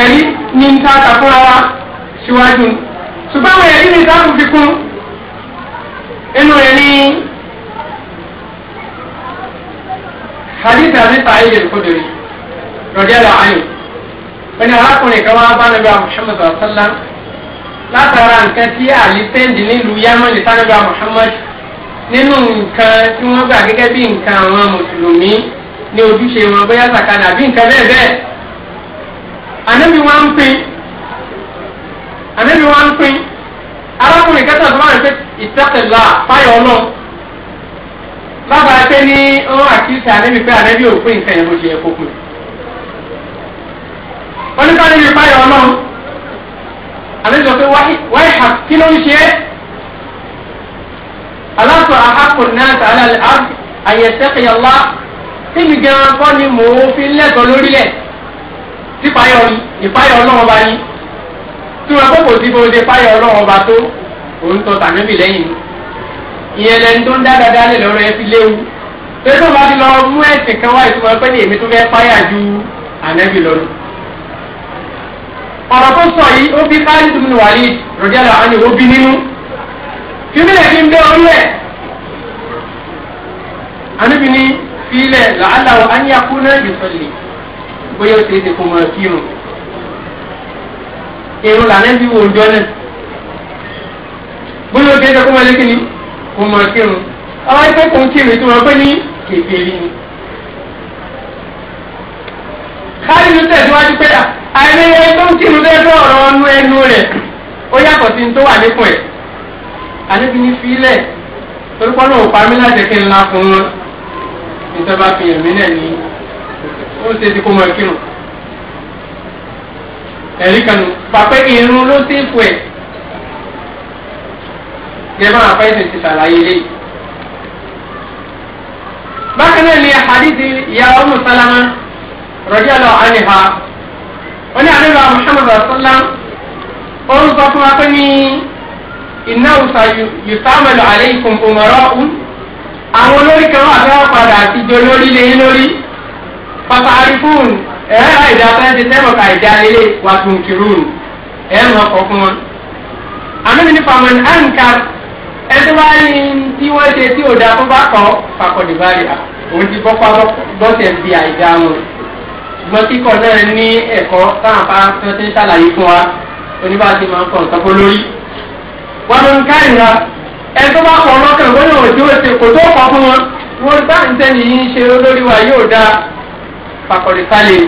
Speaker 1: ẹ̀rí ní ń tàkà fúnra wa síwájú ṣùgbọ́n àwọn ẹ̀rí ní ìtàkùn fi kún inú rẹ̀ ní hadith àti sàáyé lè kó dèrè rọ̀díàlà ayò ẹni arákùnrin kan wá bá nàbẹ́ Muhammad sallam látara nǹkan tí àlè tẹ́ǹdì nílùú yámọ́ ní sànàbẹ́ Muhammad nínú nǹkan tí wọ́n gbà gẹ́gẹ́ bí nǹkan àwọn mùsùlùmí ní ojúṣe wọn bóyá sàkánà àbí nǹkan bẹ́ẹ̀ bẹ́ẹ̀ anabi wa ń pin anabi wa ń pin arákùnrin kẹta tó bá rẹ pé ìtẹ́kẹ̀lá fáyọ̀ ọlọ́ lábàá pé ní ó àkíyèsí anabi pé anabi ò pín nǹkan yẹn bó ṣe yẹ kó pin oníkàlẹ́ mi fáyọ̀ ọlọ́ anabi sọ pé wáyé hà kí ló ń ṣe é aláṣọ àhàkùn náà tààlà àyẹ̀tẹ́kẹ̀yà wá kí ni gan kọ́ ni mò ń fi lẹ́tọ̀ọ́ lórílẹ̀ sípayọ ìpayọ ọlọ́wọ́n bá yín tí wọn kó kò sí bó ṣe páyọ ọlọ́wọ́n bá tó òun tọ tànúbì lẹ́yìn ìyẹn lẹni tó ń dá dáadáa lè lọ́rọ̀ ẹ fi léwu pé tó bá ti lọ mú ẹ̀sìn kan wá ìtumọ̀ pé ní èmi tó fẹ́ páyà ju ànẹ́bì lọ́rùn ọ̀rọ̀ tó sọ yìí ó bí káyọ̀ tó ní wàlí rọ̀jàlá àni ó bí nínú fílẹ̀ fi ń bẹ́ ọlẹ́ àníbi ní fílẹ̀ làálàó ányákú náà yóò sọ bóyá ó ṣeé ṣe kó mọ kírun irun lànà bí wò ń jọ náà bóyá ó ṣeé ṣe kó mọ lékè ní kó mọ kírun àwọn ẹgbẹ́ kò ń kírun ìtumọ̀ pé ní kékeré ni. káyọ̀ ló tẹ̀síwájú pé àìlèyẹ tó ń kírun lẹ́dọ̀ ọ̀rọ̀ ọ̀nù ẹnu rẹ̀ ó yàtọ̀ sí tó wà nípò ẹ̀ àlébi ní fílẹ̀ torí pọ́nà òpamílà jẹ́ kí n la fún wọn nítorí bá fi hàn náà ní ó ṣe ti kó mọ ìkírun ẹ̀rí kanu pàpẹ́ irun ló ti ń fò ẹ̀ gẹ́gẹ́ bá fẹ́ẹ́ ti ṣàlàyé lé bákan náà ni àdìsí ìyá ọmọ sálámà rọjò lọ àníhà ó ní àdébà muhammadu asọ́lá ó ń sọ fún wa pé ní iná òsà yùtàmẹ́lò àlẹ́ ìkùnkùn mọ̀rọ́ àwọn olórí kan wà fẹ́ẹ́ padà àtijọ́ lórí lẹ́yìn lórí pàtà àrífóònù ẹ̀rọ àìdá fẹ́ẹ́ ti tẹ́wọ̀ ká ìdá ilé wà tún kìrúùnù ẹ̀rọ ọkọ̀ fún wọn. àmì ní pàmòní àǹkà ẹni wá ní tí wọ́n ṣe tí òdà tó bá kọ́ pàkọ́dé báyà òun ti bọ́pá bọ́sẹ̀ bí àìdá wọn. ṣùgbọ́n kíkọ náà ní ẹ̀kọ́ táwọn bá fẹ́ ti ń ṣàlàyé fún wa oníbàásí máa ń kọ́ nǹkan kó lórí. wọ́n ló ń ká ìra ẹni tó bá kọ́ ọlọ́kàn gbọ́dọ̀ òjò ṣe kò tó kọ́ fún wọn. wọ́n bá ń tẹ́ni fakọ̀dé kalin,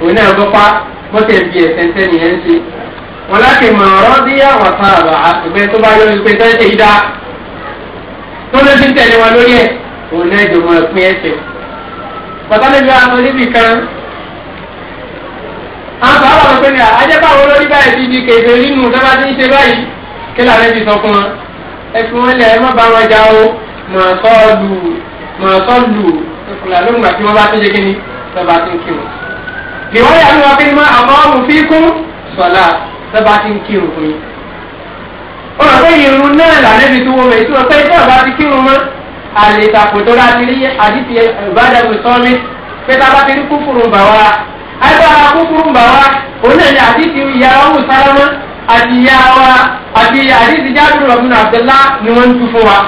Speaker 1: òun náà bọ́pá bọ́tẹ̀ bí ẹ̀sẹ̀ ńsẹ́ni ẹ̀ ń ṣe. wọn láti mọ ọ̀rọ̀ bí àwọn sábà àtùgbẹ́ tó bá yọ wípé tó ń ṣe ìdá tó ló ti ń tẹ̀lé wọn lórí ẹ̀ òun náà jọ mọ̀ ẹ̀pín ẹ̀sẹ̀. bàbá mi bá wọn níbi kan àwọn bàbá wọn pé ní àjẹbáwo lórí báyìí bíi kèké nínú tó bá ti ń ṣe báyìí kí làwọn ti sọ fún wọn ẹ wọn lẹ ẹ bá wọn já o mọ̀ ọ́ sọ́ọ̀lù mọ̀ ọ́ sọ́ọ̀lù ìkùnà lóhùn àti wọn bá tó tọ́ba ti ń kírun. ìwọ́n yà wọ́n fi mọ́ àwọn ọ̀rùn fi kún sọ̀lá tọ́ba ti ń kírun fún yín. ó rọ̀ pé irun náà lànàbí tó wọ́n mẹ́tí wọ́n pé tọ́ba ti kírun mọ́ àlè tàkùn tó láti rí àdìsí ìbádẹ́gùn sọ́mi pé tọ́ba ti rí kúkúrú bà wá. agbára kúkúrú bà wá òun náà ni àdìsí ìyá ọ̀hún sálámọ́ àti ìyá wa àti àdìsí jábìrì ọ̀gbìn àbdùlá ni wọ́n ń tu fún wa.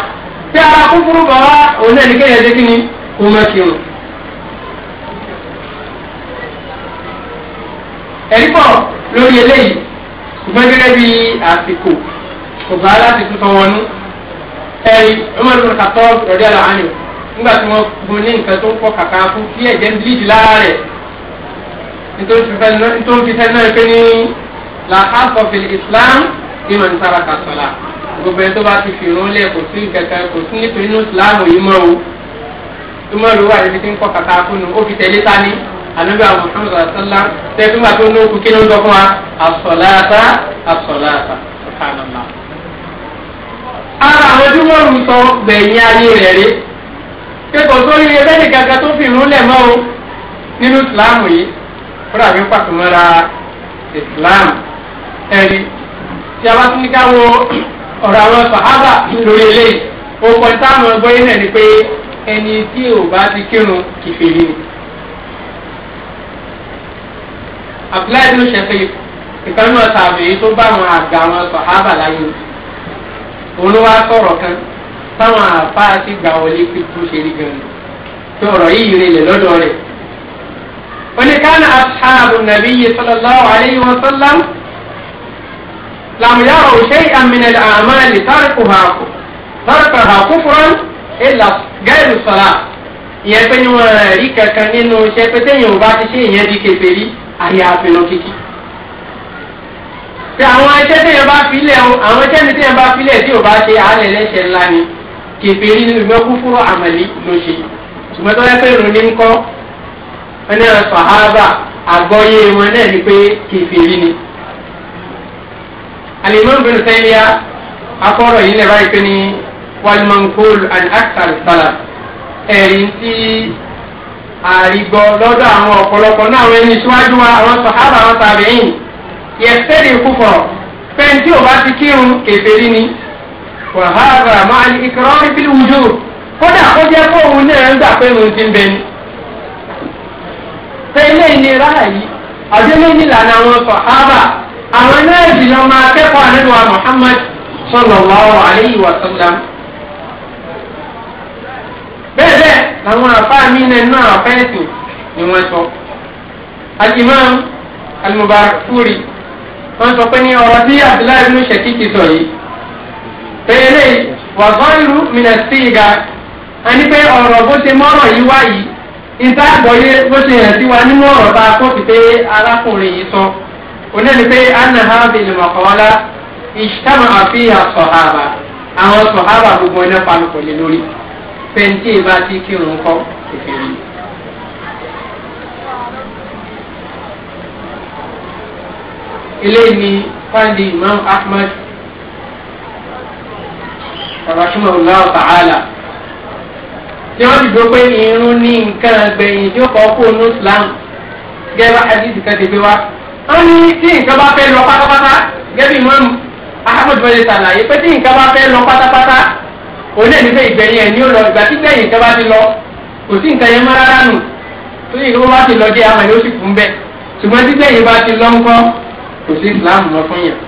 Speaker 1: tí ara kúkúrú bà wá òun náà ni kéèyàn dé kí ni kó mọ́ kírun. ẹ̀rí pọ̀ lórí eléyìí ṣùgbọ́n gẹ́gẹ́ bí àsìkò kò bá láti tuntun wọn nú ẹ̀rí Umar bin Khattab ẹ̀rí àlàáyò nígbà tí wọ́n gun ní nǹkan tó ń pọ̀ kàkà fún kí ẹ̀jẹ̀ ń bleed lára rẹ̀ nítorí fi fẹ́ náà pé ní làkàtọ̀ fìlì Islam ìmọ̀ ní sábà kàtọ́lá gbogbo ẹni tó bá ti fi ìrún lẹ̀ kò sí kankan kò sí nítorí inú Islam yìí mọ́ o Umar wà níbi tí ń pọ̀ kàkà fún un ó fi tẹ̀lé tani ànábì àwọn Muhammad sàlá tẹ́tí wà tó ní òkú kí ló ń dọ́kọ́ wa àsọ̀láta àsọ̀láta subhanallah. ara àwọn tí wọ́n rù sọ gbẹ̀yìn ayé rẹ̀ rí kékòó tó rí ẹgbẹ́ nìkan kan tó fi múlẹ̀ mọ́ o nínú ìsìláàmù yìí fúnra mi pàtó mọ́ra ìsìláàmù ẹ̀rí tí a bá tún ní ká wo ọ̀rọ̀ àwọn sàhábà lórí eléyìí ó kọjá àwọn ọgbọ́n yìí náà ni pé ẹni tí ò bá ti kírun kìfèrí ni. abdullahi bin shafiq ìkan náà tàbí tó bá àwọn àgbà àwọn sọ̀hábà láyé òun ló wá sọ̀rọ̀ kan táwọn àfáà sì gbà wọlé pé kó ṣe rí gan-an
Speaker 2: tó ọ̀rọ̀ yìí rèlè
Speaker 1: lọ́dọ̀ rẹ̀. oníkanà aṣáàbù nàbí yìí sallallahu alayhi wa sallam làmúyà òṣè àmìnà àmàlì tárìkù hàkù tárìkù hàkù fúran ìlà gẹ́rù sọ̀rà ìyẹn pé ni wọ́n rí kankan nínú iṣẹ́ pé ti ṣe ìyẹn di kékeré ayé àfihàn kíkì.
Speaker 2: pé àwọn ẹṣẹ́ tí yẹn bá
Speaker 1: filẹ̀ àwọn ẹṣẹ́ mi tí yẹn bá filẹ̀ tí ò bá ṣe àálẹ̀ lẹ́ṣẹ̀ ńlá ni kèfé rí ìgbẹ́kú fúnra àmàlí ló ṣe ṣùgbọ́n tó yẹ pé ìrùn ní ń kọ́ ẹni àṣọ àhábà àgbọ́yé wọn náà ni pé kèfé rí ni. alimọ́n bínú sẹ́yìnlẹ́yà akọ́rọ̀ yìí lè báyìí pé ní wàlúmọ̀nkóòlù and axel salam ẹ̀rí tí. àrígbọ́ lọ́dọ̀ àwọn ọ̀pọ̀lọpọ̀ náà àwọn ẹni ìṣíwájú wa àwọn sàhábà àwọn tàbíyìn yẹ̀sẹ̀rì kúfọ̀ fẹ́ǹtì ò bá ti kírun kèfèrí ni wàhálà máa ní ìkọ̀rọ̀ ìbílẹ̀ wùjú kódà ó jẹ́ fóun náà ń gbà pé òun ti ń bẹ ni. tẹ́lẹ̀ ní ráà yìí àdéhùn nílànà àwọn sàhábà àwọn náà jìnnà máa kẹ́kọ̀ọ́ àdéhùn wa Muhammad bẹ́ẹ̀ bẹ́ẹ̀ làwọn àfáà mi nà nínú àwọn afẹ́sìn ni wọ́n sọ. alimam alimubarakuri wọ́n sọ pé ní ọ̀rọ̀ tí abdullahi ibn shakiki sọ yìí péré wàgbọ́nlu minasiga a ní pé ọ̀rọ̀ bó ṣe mọ́rọ̀ yìí wá ìta àgbọ̀yé bó ṣe hàn sí wa nínú ọ̀rọ̀ tá a kó fi pé arákùnrin yìí sọ onílù pé anaha bìlì mọ̀kànlá ìṣàmà àfihàn sọ̀hábà àwọn sọ̀hábà gbogbo ẹ̀ náà palùpọ̀ lé lórí. fẹ́ntì ìbá ti kírun kọ́ kékeré. eléyìí ni fáńdì imam ahmed rahimahullah ta'ala tí wọ́n ti dópe irun ní nǹkan gbẹ̀yìn tí ó kọ́ kó ní islam gẹ́gẹ́ hadith kan ti gbé wá. wọ́n ní tí nǹkan bá fẹ́ lọ pátápátá gẹ́gẹ́ bí imam ahmed wọlé ṣàlàyé pé tí nǹkan bá fẹ́ lọ pátápátá òun nipe ní pé ìgbẹ̀yìn ẹ̀ ní ó lọ ìgbà tí gbẹ̀yìn ìjọba ti lọ kò sí nǹkan yẹn mọ́ rárá nù tó yẹ kí wọ́n bá ti lọ jẹ́ àwọn yóò sì fún bẹ́ẹ̀ ṣùgbọ́n tí gbẹ̀yìn bá ti lọ ńkọ́ kò sí Islam lọ fún yàn.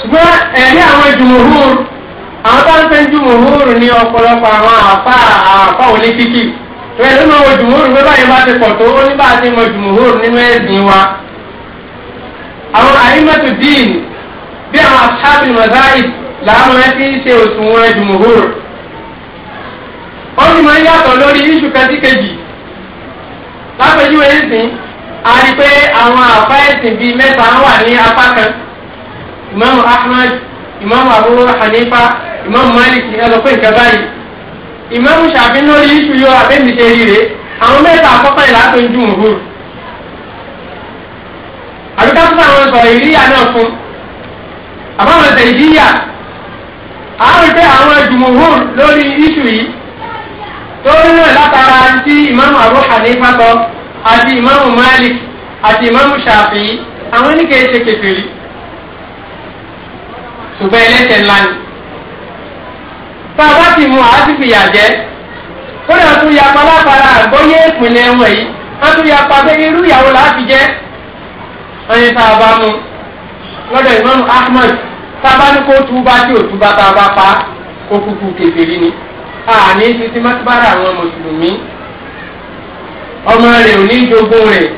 Speaker 1: ṣùgbọ́n ẹ̀rí àwọn jùmọ̀húr àwọn tó ń fẹ́ jùmọ̀húr ní ọ̀pọ̀lọpọ̀ àwọn àfa àfa òní kíkì rẹ̀ ló máa wọ báyìí bá ti pọ̀ tó ó ní bá ti mọ jùmọ̀húr nínú ẹ̀sìn wa. àwọn àyímọ̀tò dín bí àwọn àṣàbìn mọ̀sáì làwọn ẹni tí ń ṣe òṣùwọ̀n jùmùhúrù ó sì máa ń yàtọ̀ lórí iṣu kẹsíkejì lápẹjúwe ẹ̀sìn a rí pé àwọn àfa ẹ̀sìn bíi mẹ́ta wà ní apá kan ìmáàmù Ahmad ìmáàmù Abu Hanifa ìmáàmù Malik ẹlọpẹ nǹkan báyìí ìmáàmù Ṣàfi lórí iṣu yóò abẹ́mi ṣe rí rè àwọn mẹ́ta àkọ́kọ́ yìí látọ̀ ń jùmùhúrù àbíká fún àwọn sọ̀rọ̀ ìríyà náà fún àbáwọn sẹ̀ríyà àárín pé àwọn jùmùhùn lórí iṣu yìí tó ń rìn látara tí ìmáàmù Abu Hanifa sọ àti ìmáàmù Malik àti ìmáàmù Shafi'i àwọn ní ṣe kékeré ṣùgbọ́n ẹlẹ́sẹ̀ ńlá ni. tá a bá ti mú àásìkò ìyà jẹ ó lè tún ya palápalá àgbọ́yé ìpínlẹ̀ wọn yìí wọ́n tún ya pàṣẹ irú ìyàwó láti jẹ́ ẹni tá a bá mú lọ́dọ̀ ìmáàmù Ahmad tába ní kó túbá tí ò túbá tá a bá pa ó kúkú kékeré ni àní títí mọ́tíbára àwọn mùsùlùmí ọmọ rẹ̀ ò ní jogún rẹ̀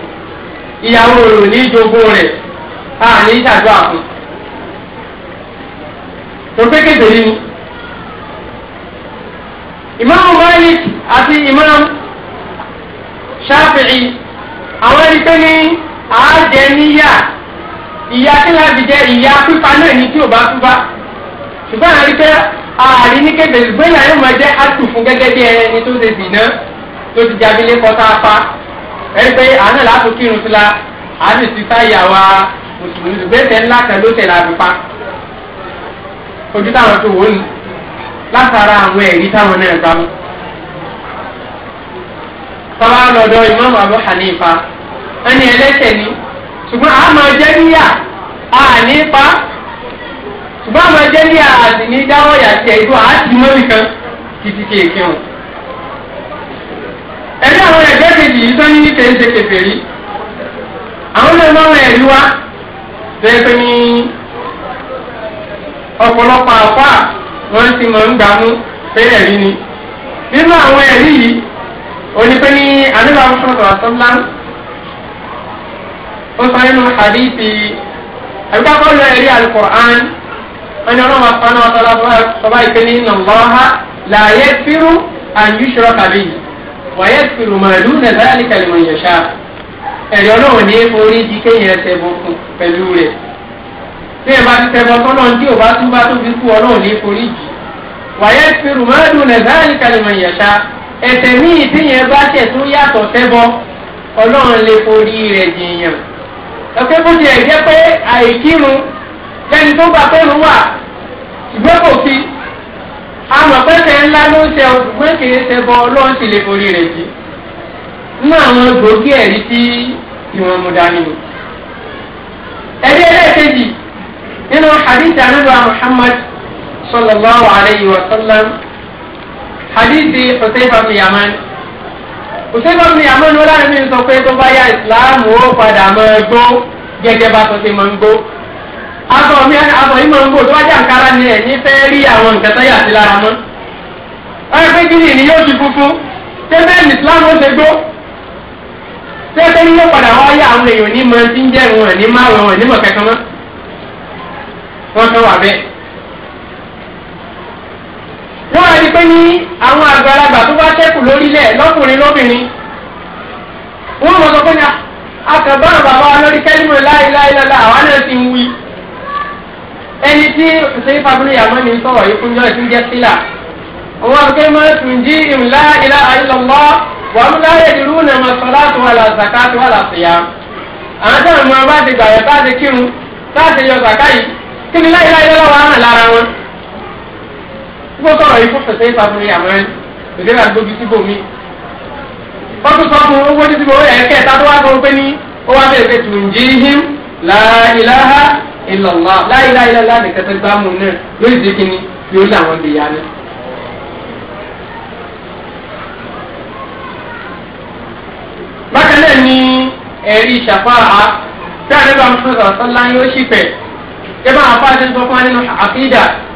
Speaker 1: ìyàwó rẹ̀ ò ní jogún rẹ̀ àní ìṣàjọ àfún tó pé kékeré ni. ìmáàmù Malik àti ìmáàmù Shafi'i àwọn ẹni pé ní àájẹ níyà ìyá tí wọ́n ti jẹ ìyá pípa náà ní tí ò bá túbá ṣùgbọ́n àrí pé ààrí ní kéde ṣùgbọ́n ìyá yóò máa jẹ́ àtù fún gẹ́gẹ́ bí ẹni tó ṣe dìná tó ti jábí lé kọ́tà apá ẹni pé àánà láti kírun sí la àánà ti sá ìyàwó mùsùlùmí ṣùgbẹ́sẹ̀ ńlá kan ló tẹ̀lé àdùpá ojú táwọn tó wò ní látara àwọn ẹ̀rí táwọn náà gbá mú. sábà lọ́dọ̀ ìmọ̀ àbọ̀ Hanifa ẹni ẹlẹ́sẹ̀ ni ṣùgbọ́n a máa jẹ́ níyà a ní pa ṣùgbọ́n a máa jẹ́ níyà a sì ní dáwọ́ yà tiẹ̀ ìlú a ti mọ́ nìkan títí ti èké wọn. ẹ̀rí àwọn ẹ̀gbẹ́ kejì yìí sọ́ni ní kèéṣe kèfèrí àwọn náà máa ń ẹ̀rí wa bẹ́ẹ̀ pé ní ọ̀pọ̀lọpọ̀ àfa wọn ti mọ̀ ń gbàmú pé ẹ̀rí ni nínú àwọn ẹ̀rí yìí onípe ní àdúrà ọ̀ṣọ́dọ̀ àtọ́lá ó sọ nínú hadithi àbíkáfọ́ lọ القرآن alukur'an wọn ni ọlọ́run afọ́nà ọ̀tọ́lá sọ́ba ìpè ní nàmbọ́ha làyé fírú àyùsọ̀rọ̀ kàbí wàyé fírú màlúù nàzàrà ní kàlímọ̀ yẹ̀ṣà ẹ̀rí ọlọ́run ní orí di kéèyàn ẹsẹ̀ bọ̀kùn pẹ̀lú rẹ̀ bí ẹ bá ti tẹ̀ bọ́tọ́ náà tí ò bá tún bá tún fi kú ọlọ́run ní orí jì wàyé fírú màlúù nàzàrà ní kàlímọ̀ yẹ̀ṣà ẹ̀ṣẹ̀ míì tí yẹn bá tẹ̀ tún yàtọ̀ tẹ́bọ ọlọ́run lè forí rẹ̀ jìyàn ẹ̀kọ́ bó tiẹ̀ jẹ́ pé àìkírun lẹ́ni tó gbà pé rúwà ṣùgbọ́n kò fi àmọ̀ pẹ́sẹ̀ ńlá ló ń ṣe òṣùgbọ́n kì í ṣe bọ ọlọ́run sì lè forí rẹ̀ sí nínú àwọn gbòógì ẹ̀rí tí ìwọ̀n mu dání ni. ẹ̀rí ẹlẹ́ẹ̀kejì nínú hadith anábà Muhammad sallallahu alayhi wa sallam hadith Husayfa bin Yaman òṣèlú mi àmọ́nu ọlọ́run mi sọ pé tó bá yá ìsìláàmù ó padà máa gbó gẹ́gẹ́ bá tó ṣe máa ń gbó.
Speaker 2: abọ́ mi abọ́ yìí máa ń gbó tó bá jàǹkára ni
Speaker 1: ẹ̀ ní fẹ́ rí àwọn nǹkan tó yà sí lára mọ́. ọ̀rẹ́ pé kí ni ìní yóò fi funfun ṣé bẹ́ẹ̀ ni ìsìláàmù ó ṣe gbó. ṣé bẹ́ẹ̀ ni yóò padà wá yá àwọn èèyàn ní mọ tí ń jẹ́ wọn ní márùn-ún ní mọ̀ kẹ́kọ́ mọ́. wọ́n fẹ́ wà bẹ́ẹ̀. wọ́n á di pé ní àwọn àgbàlagbà tó bá lóbìnrin sọ pé ní bàbá wa lórí náà ti ń wí. ẹni tí ni sọ̀rọ̀ yìí fún jọ́ọ̀tì ń jẹ́ sílà òun àgbẹ̀ máa tún jí ìmùlá ìlà àìlọ́lọ́ wà mú láyé ìlú nà mọ̀ sọ́lá tó wà làzàká tó wà làṣìyà. àwọn táwọn ọmọ bá ti gbàyẹ̀ bá ti kírun bá ti yọ tí wọ́n sọ̀rọ̀ yìí kó fẹsẹ̀ yìí fàmìlì àmọ́ ẹ̀ èdè náà gbógi síbò mi. wọ́n tún sọ fún owó ní síbò ẹ̀ kẹ́ ẹ̀ta tó wá sọ pé ní ó wá bẹ̀rẹ̀ pé tùǹjìhìm láìláha ìlọ̀lá láìláìláìlá nìkan gbá mu náà lórí ti kíni yóò lé àwọn ìyá ni. bákan náà ni ẹ̀rí ṣàfáà tí àdébà mùsùlùmí sọ̀rọ̀ sọ́lá yóò ṣì fẹ̀ kí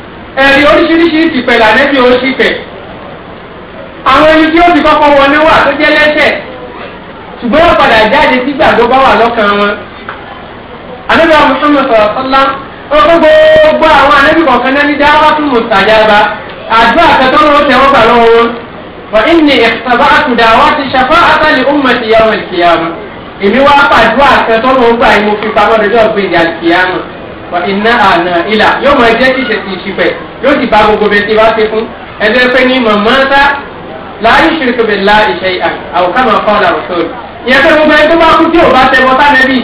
Speaker 1: ẹ̀rí oríṣiríṣi ìtìpẹ̀ lànẹ́bí oríṣiríṣi àwọn ẹni tí ó ti kọ́kọ́ wọlé wà tó jẹ́ lẹ́sẹ̀ ṣùgbọ́n wọ́n padà jáde sígbà tó bá wà lọ́kàn wọn. àdébà Muhammad sọ̀rọ̀sọ́lá ọkọ̀ gbogbo àwọn ànábì kọ̀ọ̀kan náà ní dáhà tún mọ̀ sàyàrá àdúrà kẹtọ́ ló tẹ̀wọ́ gbà lọ́wọ́ wọn. wà á ní ìṣàbá àtúndà wá ti ṣàfá àtàlì ọmọ ìyàwó ìkìyàmù èmi wá pàdúrà kẹtọ́ ló gbà yìí mo fi pamọ́ wà iná àná ìlà yóò máa jẹ́ kí ìṣẹ̀sì ìṣìpẹ̀ yóò sì bá gbogbo bẹ́ẹ̀ tí wàá ṣe fún ẹgbẹ́ pé ní màmá ta láàyè ṣètò bẹ̀ la ìṣe àwòká máa fọ́ ọ̀là òṣòro ìyẹn pé gbogbo ẹni tó bá kú tí ò bá tẹ̀wọ́ sánẹ́bì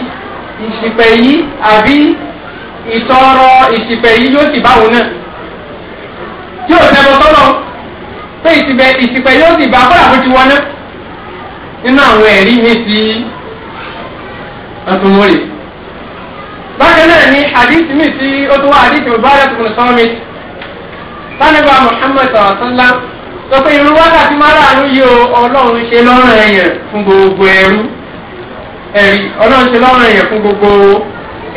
Speaker 1: ìṣìpẹ̀ yìí àbí ìtọrọ ìṣìpẹ̀ yìí yóò sì báwo náà tí ò tẹ̀wọ́ sọ́nà pé ìṣìpẹ̀ ìṣìpẹ̀ yóò sì bá kọ́là bó ti wọ náà nínú àwọn ẹ̀rí mi bákan náà ni àdìsí mi tí ó tó wá àdìsí mubarak bin sọ́mi sanaba muhammed sọ̀rọ̀sọ́lá sọ pé irú wákàtí márààrún yìí o ọlọ́run ṣe lọ́rùn ẹ̀yẹ̀ fún gbogbo ẹrú ẹ̀rí ọlọ́run ṣe lọ́rùn ẹ̀yẹ̀ fún gbogbo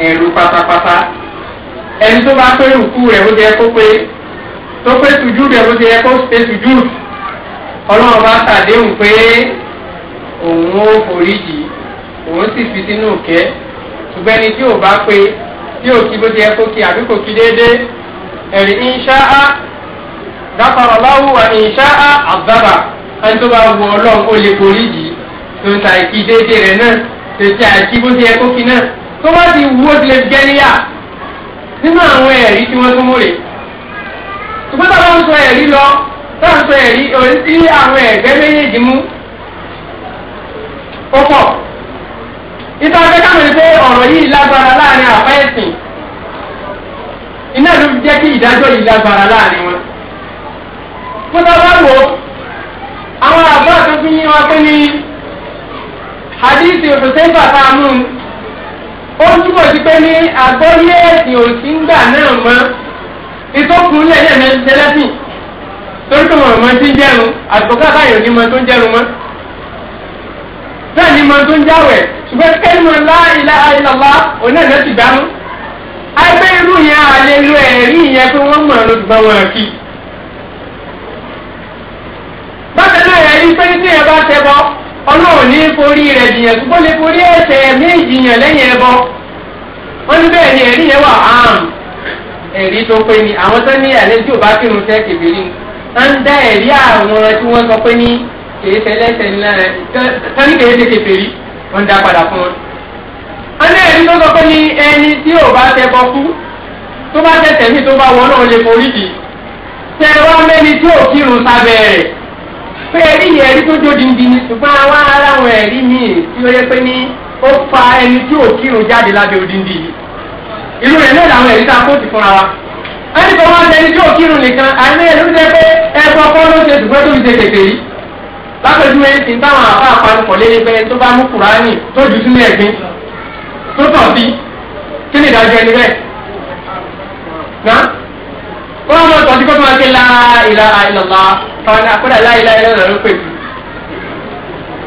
Speaker 1: ẹrú pátápátá ẹni tó bá pé òkú rẹ̀ ó jẹ́ kó pé tó pé tùjú rẹ̀ ó jẹ́ kó pé tùjú ọlọ́run bá ṣàdéhùn pé òun ó foríjì òun sì fi sínú kẹ́ẹ́ ṣùgbọ́n ẹni tí ò bá pé tí ò kí bó ti yẹ kó kí àbí kò kí déédéé ẹ̀rí ìṣáá dákọ̀rọ̀ láwù wà ní ìṣáá àbábà ẹni tó bá wù ọlọ́run ó lè borí yìí tó ń ta ìkí déédéé rẹ̀ náà tó ti àìkí bó ti yẹ kó kí náà tó bá ti wú ó ti lè jẹ́ níyà nínú àwọn ẹ̀rí tí wọ́n tún mú rè ṣùgbọ́n táwọn ń sọ ẹ̀rí lọ táwọn ń sọ ẹ̀rí orí sí àwọn ẹ̀gbẹ́ méjèèjì mú ó pọ̀ ìtàn ọ̀rọ̀ yìí lágbára láàrin àpá ẹ̀sìn iná ló fi jẹ́ kí ìdájọ́ yìí lágbára láàrin wọn. fúnta bá wò ó àwọn àbá tó fi yín wọn pé ní hadithi hussein bàbá amú ó túbọ̀ sí pé ní àgbọ́yé ẹ̀sìn òsì ń gbà náà mọ́ ìtọ́kùnrin ẹ̀yẹ̀ mẹ́tẹ́lẹ́sìn torí pé wọ́n mọ̀ ti ń jẹun àtọ́ká báyìí ò ní mọ tó ń jẹun mọ́ bẹ́ẹ̀ ni mo tún jáwẹ̀ ṣùgbọ́n kẹ́lìmọ̀ lá ilaha illallah òun náà ti dánú. ẹgbẹ́ irú yẹn àlè lu ẹ̀rí yẹn pé wọ́n mọ̀ ló gbọ́n wọn kí. bákan náà ẹ̀rí pé tí ẹ bá tẹ bọ ọlọ́run ní forí rẹ̀ jìyàn ṣùgbọ́n lè forí ẹ̀ṣẹ̀ méjì yàn lẹ́yìn ẹbọ. wọ́n ní bẹ́ẹ̀ ni ẹ̀rí yẹn wà áàm ẹ̀rí tó pé ni àwọn tó ní àlejò tí wọ́n sọ pé kèé tẹlẹsẹ ńlá rẹ tani kèé ṣe kèfèrí wọn dá padà fún wọn. wọn ní ẹni tó sọ pé ní ẹni tí ò bá tẹbọ kú tó bá tẹsẹ̀ mi tó bá wọ náà lè forí jì tẹ wá mẹ́ni tí ò kírun sábẹ́ rẹ̀ pé ẹni yẹn ẹni tó jódindi ni ṣùgbọ́n àwa ara àwọn ẹ̀rí míì tí ó yẹ pé ní ó fa ẹni tí ò kírun jáde lábẹ́ odindi yìí ìlú rẹ̀ náà làwọn ẹ̀rí tá ti fúnra wa ẹni tó wá mẹ́ni tí ò kírun nìkan àìmọ́ ẹ̀rí ló jẹ́ pé ẹ̀kọ́ lápẹjúwe ti ń táwọn àbá àparùkọ lé níbẹ̀ tó bá mú kùránì tó jù sínú ẹ̀gbin tó tọ̀ sí kí ni ìdájọ́ ẹni bẹ́ẹ̀ ná ó wọn mọ tọ́jú pé máa ké láìlà àìlọ́lá tọ́jú àkọ́dà láìlà àìlọ́lá ló pè sí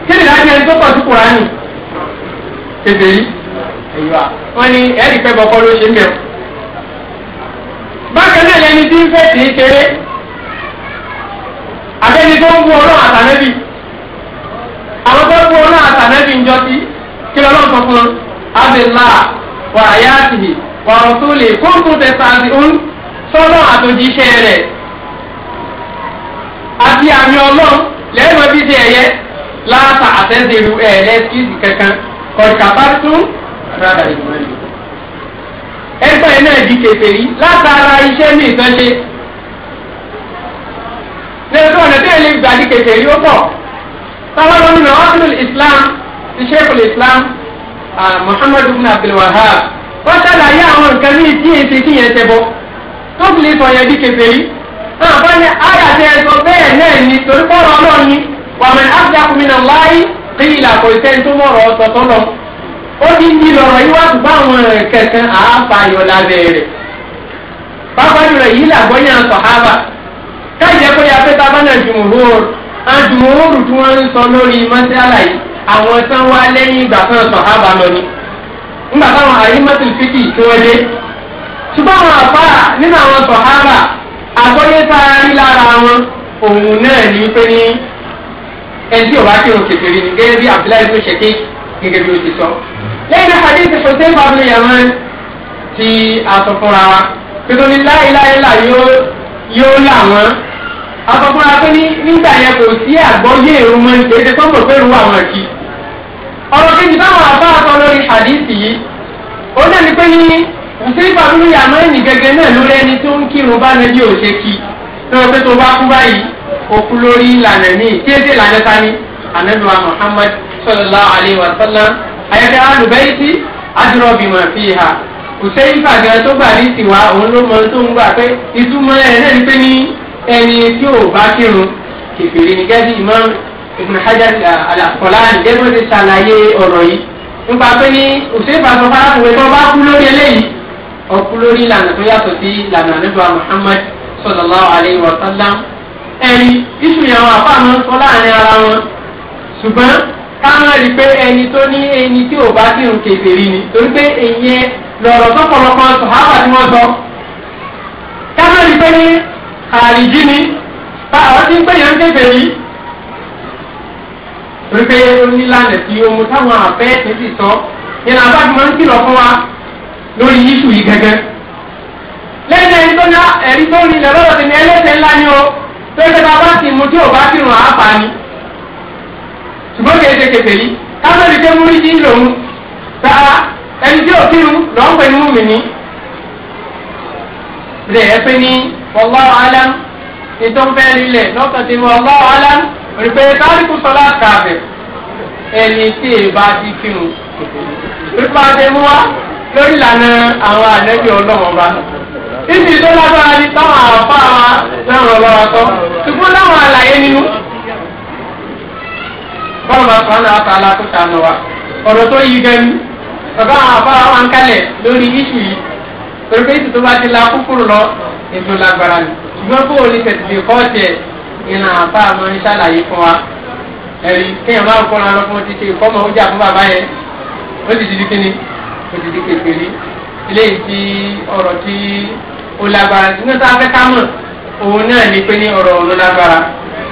Speaker 1: kí ni ìdájọ́ ẹni tó tọ̀ sí kùránì ebè yìí wọ́n ní ẹ̀rí pẹ́ bọ́kọ́ ló ṣe ń bẹ̀rù bákan náà lẹni tí ń fẹ́ tì kéré àtẹ́ni tó ń bu ọlọ́run àtànẹ́bì àwọn tó ń bu ọlọ́run àtànẹ́bì ń jọ sí kí lọ́lọ́run sọ fún abẹ́lá wà áyáàtì wà rọ̀túlẹ̀ kóńtù tẹ̀sánì ń sọ́nà àtòjíṣẹ́ rẹ̀ àti àmì ọlọ́run lẹ́yìn ọbí ti ẹ̀yẹ láàtà àtẹ́sẹ̀lú ẹ̀ẹ́dẹ́sìkì kankan kọ̀ọ̀kàbá tún rárá ìmọ̀lẹ́ ẹgbẹ́ náà di kèfèrí látara iṣẹ́ mi ìtọ́ṣe. lẹ́yìn ọ̀nà tẹ́lẹ̀ lè gbà ní kékeré yóò pọ̀ táwọn gómìnà ọ̀sùn islam ti ṣẹ́kùn islam muhammadu bin abdulwahab fi lè sọ yẹn di kékeré náà bá ní àyà tẹ ẹ sọ bẹ́ẹ̀ di àwọn lábẹ́ rẹ̀. jùlọ yìí sọ̀hábà káyọ̀ pé afẹ́ta bánà jùmùhóòrù àjùmùhóòrù tí wọ́n ń sọ lórí mọ́sálà yìí àwọn tán wá lẹ́yìn ìgbà kan sọ̀hábà lọ ni ńgbà táwọn àyímọ́tò fìtì tí wọ́n dé ṣùgbọ́n àwọn àbá nínú àwọn sọ̀hábà àgbọ́yé tá a rí lára wọn òun náà ní pé ní ẹni ò bá kí o kékeré ni gẹ́gẹ́ bí abdullahi tó ṣe ké gẹ́gẹ́ bí o ti sọ. lẹ́yìn náà hadith hussein babu yaman ti asọ̀fúnra wa pẹ̀lú ní láìláìlá yóò yóò là wọ́n àkọ́kọ́ra pé ní nígbà yẹn kò sí àgbọ́yé èrò mọ́ nípa èdè tó ń bọ̀ pé ru àwọn kì í ọ̀rọ̀ kejì táwọn àbá àtọ lórí àdìsí yìí ó náà ní pé ní mùsùlùmí àbúrò yàmọ́ ẹ̀nì gẹ́gẹ́ náà lórí ẹni tó ń kírun bá nàbí òṣè kí tó yẹ pé tó bá kú báyìí òkú lórí ìlànà ní ìdíyèdè ìlànà sani anabiwa Muhammad sallallahu alayhi wa sallam ayẹkẹ alùbẹ́yìí sí adúrọ̀bì wọn fi kùsẹ́yìn fàgẹ́ tó gbà ní tiwa òun ló mọ tó ń gbà pé ìtumọ̀ ẹ̀ náà ni pé ní ẹni tí ò bá kírun kèfèrè ní gẹ́gẹ́ bí Imam Ibn Hajar al-Asqalani gẹ́gẹ́ bó ti ṣàlàyé ọ̀rọ̀ yìí nípa pé ní kùsẹ́yìn fàgẹ́ fàgẹ́ tó bá kú lórí eléyìí ọkú lórí ìlànà tó yàtọ̀ sí ìlànà nígbà Muhammad sallallahu alayhi wa sallam ẹni iṣu yẹn wọn àfààmọ́ sọ láàrin ara wọn ṣùgbọ́n káwọn rí pé ẹni tó ní ẹni tí ò bá kírun kèfèrè ni torí pé ìyẹn lọ̀rọ̀ tó pọ̀lọpọ̀ sọ̀hábà ni wọ́n sọ. kámẹ́rì pé ní àríjí ni bá àwọn tí ń pè yẹn ń tètè yìí. wípé onílànà tí ohun táwọn àfẹ́ ti sì sọ yẹn àbá ti máa ń kìlọ̀ fún wa lórí yíṣù yìí gẹ́gẹ́. lẹ́yìn ẹni tó ná ẹ̀rí tó ní ilẹ̀ lọ́dọ̀ ti ní ẹlẹ́sẹ̀ ńlá ni o tó ṣe bá bá ti mú tí ò bá ti rùn àápa ni. ṣùgbọ́n kì í ṣe kèfèrí kámẹ́rì pé múrí ti ń lòun rárá ẹni tí òkè lọ ń pè ní mú mi ní rẹ̀ ẹ pé ní wallahu alam ètò ń bẹ́ẹ̀ lílẹ̀ lọ́kàn tí mo wallahu alam rí pé káríkù sọlá kàbẹ̀ ẹni tí èèbá ti kírun nípa ṣe mú wá lórí ìlànà àwọn ànẹ́bí ọlọ́mọba títí tó lágbára ní táwọn àfáà wa láwọn ọlọ́wà sọ ṣùgbọ́n láwọn àlàyé nínú bọ́ọ̀lù àfọ̀nà àtàlà tó ṣàánú wa ọ̀rọ̀ tó yí gẹ́ni bàbá àwọn afárá wa ń kalẹ̀ lórí iṣu yìí torí pé iṣu tó bá ti la kúkúrú lọ ètò lágbára ni ṣùgbọ́n bó o ní tẹ̀sílẹ̀ kọ́ ọ̀jẹ̀ ìran àfa àmọ́ ní ṣàlàyé fún wa ẹ̀rí kéèyàn máa ń kọ́ ọ̀nà lọ́kùnrin ti ṣe ìkọ́mọ oúnjẹ àfún bàbá yẹn ó ti di kíni ó ti di kékeré eléyìí ti ọ̀rọ̀ tí ó lágbára ṣùgbọ́n tá a fẹ́ ká mọ̀ òun náà ní pé ní ọ̀rọ̀ òun lágbára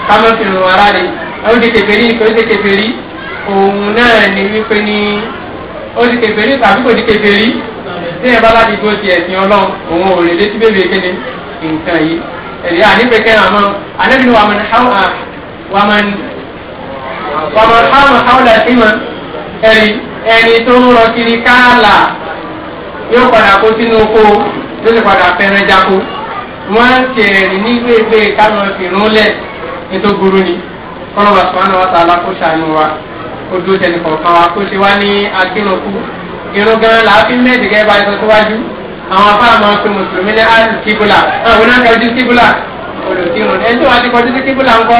Speaker 1: ká mọ̀ fi ràn wá rárẹ̀ ó ti kékeré ó ti kékeré òun náà ní wípé ní ó di kèfèrí tàbí kò di kèfèrí tí yẹn bá láti gbó ti ẹ̀sìn ọlọ́run òun ò lè dé sí bèbè kéde nǹkan yìí ẹ̀rí ànífẹ́ kẹ́hìn àmọ́ anábìrin wa máa ń há wa máa ń wa máa ń há wọn hàwùlà sí wọn ẹ̀rí ẹni tó ń rọ kiri káàlà yóò padà kó sínú oko ló sì padà fẹ́ràn jáko wọ́n ń ṣe ní gbègbè káwọn fìrún lẹ̀ nítorí burú ni kọ́lọ́ wa sọ̀rọ̀ wa ta alákòóṣà ni ojú tẹnì kọ̀ọ̀kan wa kó ṣe wá ní akínokú irun gan la fi méjì gẹ́gẹ́ bá ẹ̀sọ́ síwájú àwọn afáà máa ń pe mùsùlùmí ní alùkíbùlà àwọn onáà kọjú kíbùlà olùkírun ẹni tó wá ti kọjú sí kíbùlà ńkọ́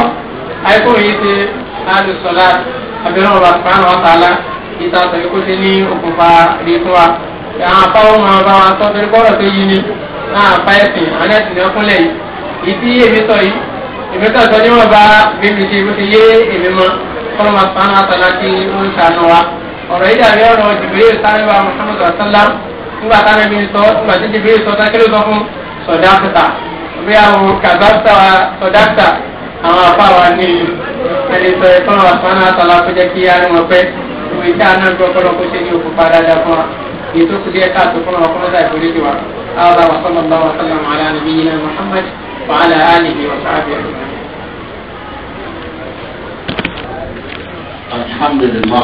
Speaker 1: àìkú yìí ti alùsọ̀lá abẹ́rẹ́ ọ̀rọ̀ àpárọ̀ ọ̀tàlá ìta sọ ikú ti ní òkùnfà rí fún wa àwọn afáà ó máa bá wa sọ torí bọ́ọ̀rọ̀ tó yí ni náà apá ẹ̀sìn anẹ́sì ni ọkúnlẹ̀ yìí ìdí èmi sọ yìí èmi sọ kọ́lọ́mà sanu àtàlà tí ó ń sànù wa ọ̀rọ̀ yìí dàbí ọ̀rọ̀ jìbìrì sáréwá muhammadu asálá nígbà táwọn ẹbí sọ nígbà tí jìbìrì sọ sákéré sọ fún sọdáfítà bí àwọn kàbáfítà wa sọdáfítà àwọn afá wa ní ẹni sọ ẹ kọ́lọ́mà sanu àtàlà kó jẹ́ kí ara wọn pẹ́ ìwé tí a náà gbọ́ kọ́lọ́mà kó ṣe ní òkú padà dá fún wa ètò kùdí ẹ̀ka àtòkùnrin wa. هذا وصلى 啊，他们的人嘛。